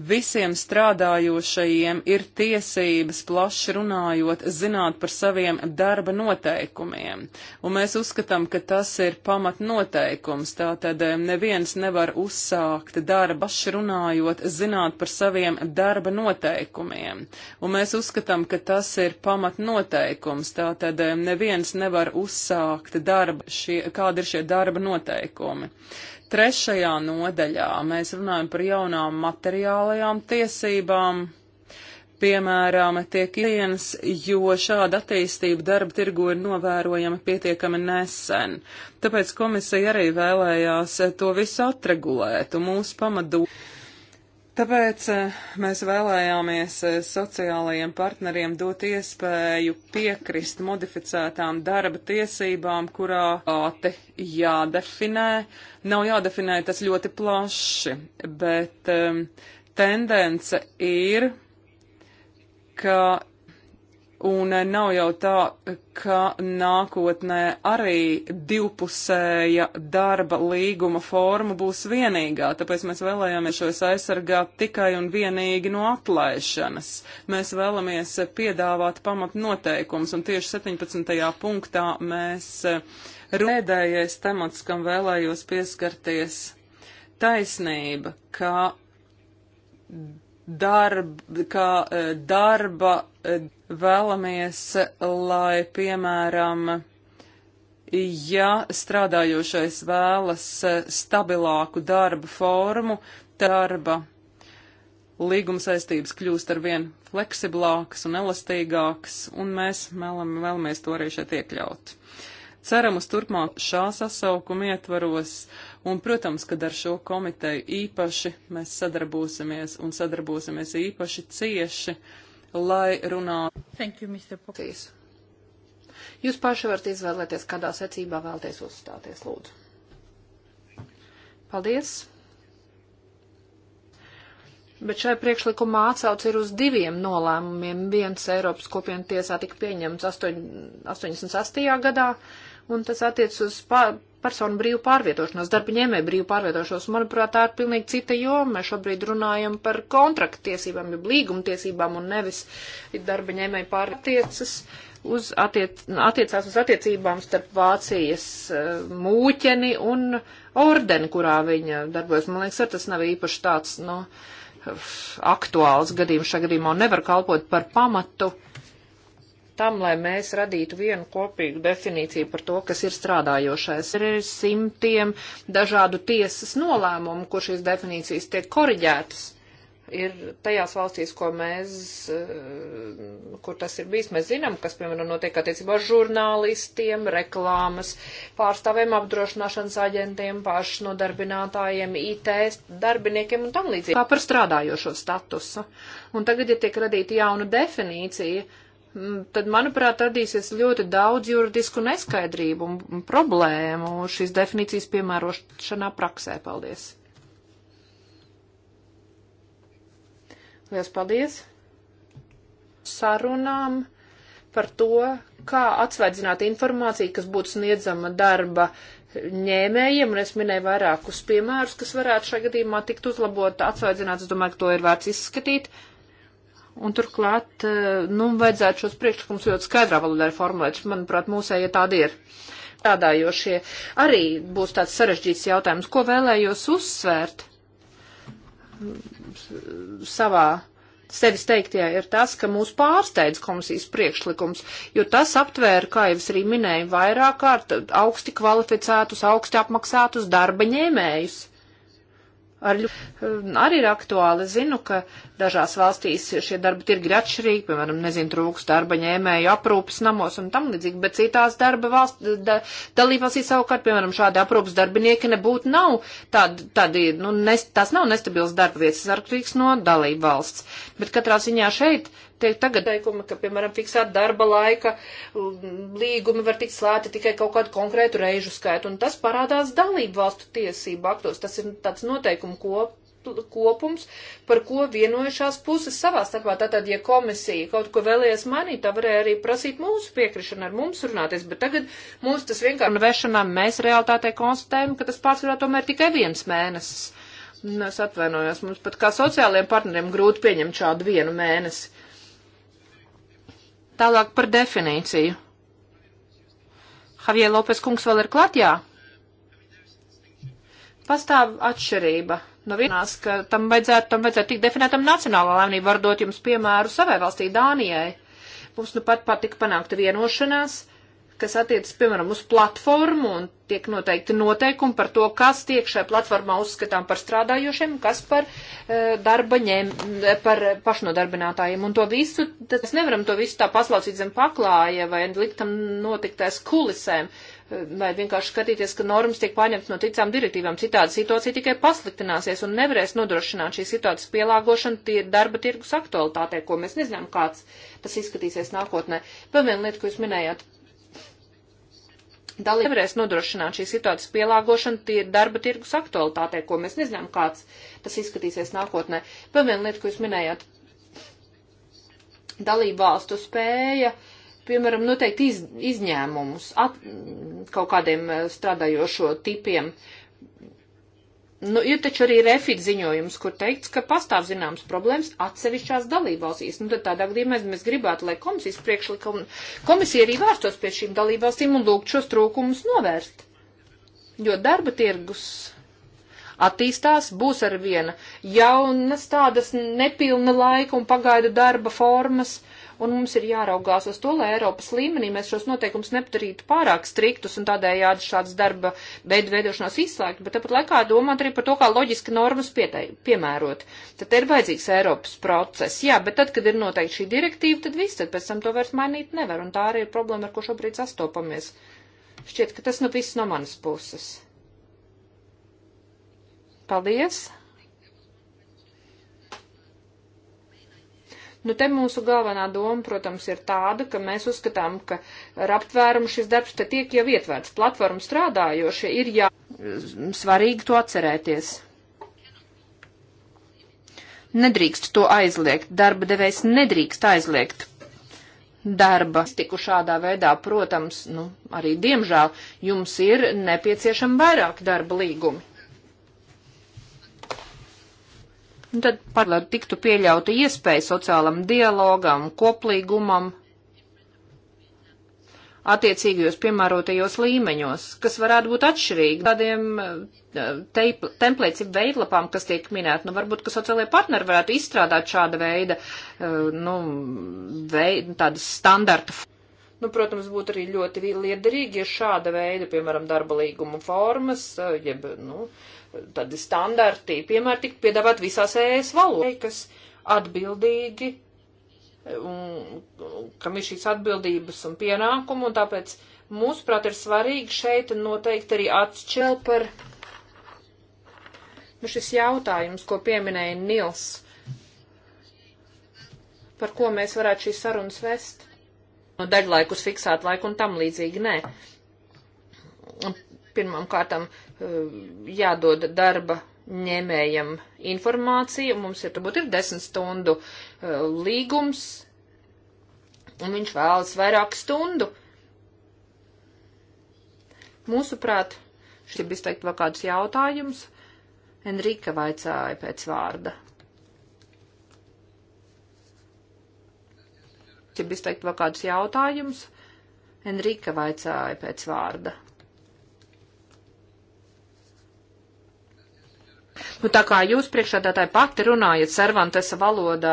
Visiem strādājošajiem ir tiesības plaši runājot, zināt par saviem darba noteikumiem, un mēs uzskatām, ka tas ir pamatnoteikums, tātad eh, neviens nevar uzsākt darba paši runājot, zināt par saviem darba noteikumiem, un mēs uzskatām, ka tas ir pamatnoteikums, tātad eh, neviens nevar uzsākt darba, šie, kādi ir šie darba noteikumi. Trešajā nodaļā mēs runājam par jaunām materiālajām tiesībām, piemēram, tiek ienes, jo šāda attīstība darba tirgu ir novērojama pietiekami nesen. Tāpēc komisija arī vēlējās to visu atregulēt un mūsu pamadu. Tāpēc eh, mēs vēlējāmies eh, sociālajiem partneriem dot iespēju piekrist modificētām darba tiesībām, kurā āte jādefinē. Nav jādefinē tas ļoti plaši, bet um, tendence ir, ka Un eh, nav jau tā, ka nākotnē arī divpusēja darba līguma forma būs vienīgā, tāpēc mēs vēlējāmies šos aizsargāt tikai un vienīgi no atlaišanas. Mēs vēlamies piedāvāt pamat noteikums, un tieši 17. punktā mēs eh, rēdējais temats, kam vēlējos pieskarties taisnība, ka eh, darba, ka darba vēlamies, lai, piemēram, ja strādājošais vēlas stabilāku darba formu, darba līguma saistības kļūst ar vien fleksiblākas un elastīgākas, un mēs mēlam, vēlamies to arī šeit iekļaut. Ceram uz turpmāk šā sasaukuma ietvaros, un, protams, kad ar šo komiteju īpaši mēs sadarbosimies un sadarbosimies īpaši cieši, lai runātu.
Thank you, Mr. Pokīs. Jūs paši varat izvēlēties, kādā secībā vēlties uzstāties, lūdzu. Paldies! Bet šai priekšlikumā atsauc ir uz diviem nolēmumiem. Viens Eiropas kopienu tiesā tika pieņemts 8, 88. gadā, un tas attiec uz pa, personu brīvu pārvietošanos, darba ņēmēju brīvu pārvietošanos. Manuprāt, tā ir pilnīgi cita joma. Mēs šobrīd runājam par kontraktu tiesībām, jeb līguma tiesībām un nevis darba ņēmēju pārtiecas. Uz attiec, attiecās uz attiecībām starp Vācijas e, mūķeni un ordeni, kurā viņa darbojas. Man liekas, tas nav īpaši tāds, nu, aktuāls gadījums šā gadījumā un nevar kalpot par pamatu uh, tam, lai mēs radītu vienu kopīgu definīciju par to, kas ir strādājošais. Ir simtiem dažādu tiesas nolēmumu, kur šīs definīcijas tiek koriģētas. Ir tajās valstīs, ko mēs, eh, kur tas ir bijis, mēs zinām, kas, piemēram, notiek attiecībā ar žurnālistiem, reklāmas pārstāvēm, apdrošināšanas aģentiem, pašnodarbinātājiem, IT darbiniekiem un tam līdzīgi. Kā par strādājošo statusu. Un tagad, ja tiek radīta jauna definīcija, uh, Mm, tad, manuprāt, radīsies ļoti daudz juridisku neskaidrību un problēmu šīs definīcijas piemērošanā praksē. Paldies! Lielas paldies! Sarunām par to, kā atsvaidzināt informāciju, kas būtu sniedzama darba ņēmējiem, un es minēju vairākus piemērus, kas varētu šajā gadījumā tikt uzlabot, atsvaidzināts. Es domāju, ka to ir vērts izskatīt. Uh, Un turklāt, eh, nu, vajadzētu šos priekšlikumus ļoti skaidrā valodā formulēt. Manuprāt, mūsēja tāda ir. Tādājošie arī būs tāds sarežģīts jautājums, ko vēlējos uzsvērt mm, savā sevis teiktajā ir tas, ka mūs pārsteidz komisijas priekšlikums, jo tas aptvēra, kā jau es arī minēju, vairāk kārt augsti kvalificētus, augsti apmaksātus darba ņēmējus ar, arī ir aktuāli. Zinu, ka dažās valstīs šie darba tirgi ir atšķirīgi, piemēram, nezinu, trūks darba ņēmēju aprūpas namos un tam līdzīgi, bet citās darba valsts, da, dalībvalstīs savukārt, piemēram, šādi aprūpas darbinieki nebūtu nav, tādi, tādi nu, nes, tās nav nestabils darba vietas, atkarīgs no dalību valsts. Bet katrā ziņā šeit te tagad teikumi, ka, piemēram, fiksēt darba laika mm, līgumi var tikt slēgti tikai kaut kādu konkrētu reižu skaitu, un tas parādās dalību valstu tiesību aktos. Tas ir tāds noteikumu kop, kopums, par ko vienojušās puses savā starpā. Tātad, ja komisija kaut ko vēlējies mainīt, tā varēja arī prasīt mūsu piekrišanu, ar mums runāties, bet tagad mūsu tas vienkārši vešanā mēs realitātē konstatējam, ka tas pārsvarā tomēr tikai viens mēnesis. Es atvainojos, mums pat kā sociālajiem partneriem grūti pieņemt šādu vienu mēnesi. Tālāk par definīciju. Havie Lopes kungs vēl ir klāt, jā? Pastāv atšķirība. Nu, vienās, ka tam vajadzētu, tam vajadzētu tik definētam nacionālā līmenī. Var dot jums piemēru savai valstī Dānijai. Mums nu pat patika panākt vienošanās kas attiecas, piemēram, uz platformu un tiek noteikti noteikumi par to, kas tiek šajā platformā uzskatām par strādājošiem, kas par e, darba ņēm, eh, par pašnodarbinātājiem. Un to visu, tad mēs nevaram to visu tā paslaucīt zem paklāja vai liktam notiktēs kulisēm eh, vai vienkārši skatīties, ka normas tiek pārņemtas no ticām direktīvām. Citādi situācija tikai pasliktināsies un nevarēs nodrošināt šīs situācijas pielāgošanu tie darba tirgus aktualitātē, ko mēs nezinām, kāds tas izskatīsies nākotnē. Vēl viena lieta, ko jūs minējāt Dalība nevarēs nodrošināt šīs situācijas pielāgošanu tie darba tirgus aktualitātē, ko mēs nezinām, kāds tas izskatīsies nākotnē. Vēl viena lieta, ko jūs minējāt, dalība valstu spēja, piemēram, noteikt iz, izņēmumus at, kaut kādiem eh, strādājošo tipiem. Uh, Nu, ir taču arī refit ziņojums, kur teikts, ka pastāv zināmas problēmas atsevišķās dalībvalstīs. Nu, tad tādā gadījumā mēs gribētu, lai komisijas priekšlikuma komisija arī vērstos pie šīm dalībvalstīm un lūgtu šos trūkumus novērst. Jo darba tirgus attīstās, būs ar viena jaunas tādas nepilna laika un pagaida darba formas. Uh, un mums ir jāraugās uz to, lai Eiropas līmenī mēs šos noteikumus nepadarītu pārāk striktus un tādējādi šāds darba veidu veidošanās izslēgt, bet tāpat laikā domāt arī par to, kā loģiski normas pietei, piemērot. Tad ir vajadzīgs Eiropas process, jā, bet tad, kad ir noteikti šī direktīva, tad viss, tad pēc tam to vairs mainīt nevar, un tā arī ir problēma, ar ko šobrīd sastopamies. Šķiet, ka tas nu viss no manas puses. Paldies! Nu, te mūsu galvenā doma, protams, ir tāda, ka mēs uzskatām, ka ar aptvērumu šis darbs te tiek jau ietverts. Platformu strādājošie ir jā. Svarīgi to atcerēties. Nedrīkst to aizliegt. Darba devējs nedrīkst aizliegt darba. Tiku šādā veidā, protams, nu, arī diemžēl jums ir nepieciešama vairāk darba līgumi. Un tad, par, lai tiktu pieļauta iespēja sociālam dialogam, koplīgumam, attiecīgajos piemērotajos līmeņos, kas varētu būt atšķirīgi tādiem eh, templēts veidlapām, kas tiek minēti. Nu, varbūt, ka sociālajie partneri varētu izstrādāt šāda veida, eh, nu, veid, tādas standarta. Nu, protams, būtu arī ļoti liederīgi, ja šāda veida, piemēram, darba līguma formas, eh, jeb, nu, uh, tādi standarti, piemēram, tik piedāvāt visās ES valodās, kas atbildīgi, un, kam ir šīs atbildības un pienākumu, un tāpēc, mūsuprāt, ir svarīgi šeit noteikti arī atšķel par nu, šis jautājums, ko pieminēja Nils, par ko mēs varētu šīs sarunas vest. No daļlaikus fiksēt laiku un tam līdzīgi, nē. Pirmām kārtām Eh, jādod darba ņēmējam informāciju, mums ir, turbūt, ir desmit stundu eh, līgums, un viņš vēlas vairāk stundu. Mūsuprāt, šeit bija izteikt vēl kādus jautājumus. Enrika vaicāja pēc vārda. Šeit bija izteikt vēl kādus jautājumus. Enrika vaicāja pēc vārda. Nu, tā kā jūs priekšādātāji pati runājat Cervantesa valodā,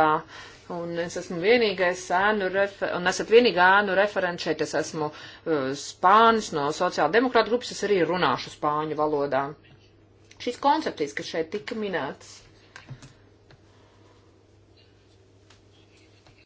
un es esmu vienīgais ēnu, refer un esat vienīgā ēnu referents šeit, es esmu uh, spānis no sociāldemokrāta grupas, es arī runāšu spāņu valodā. Šis koncepcijas, kas šeit tika minētas.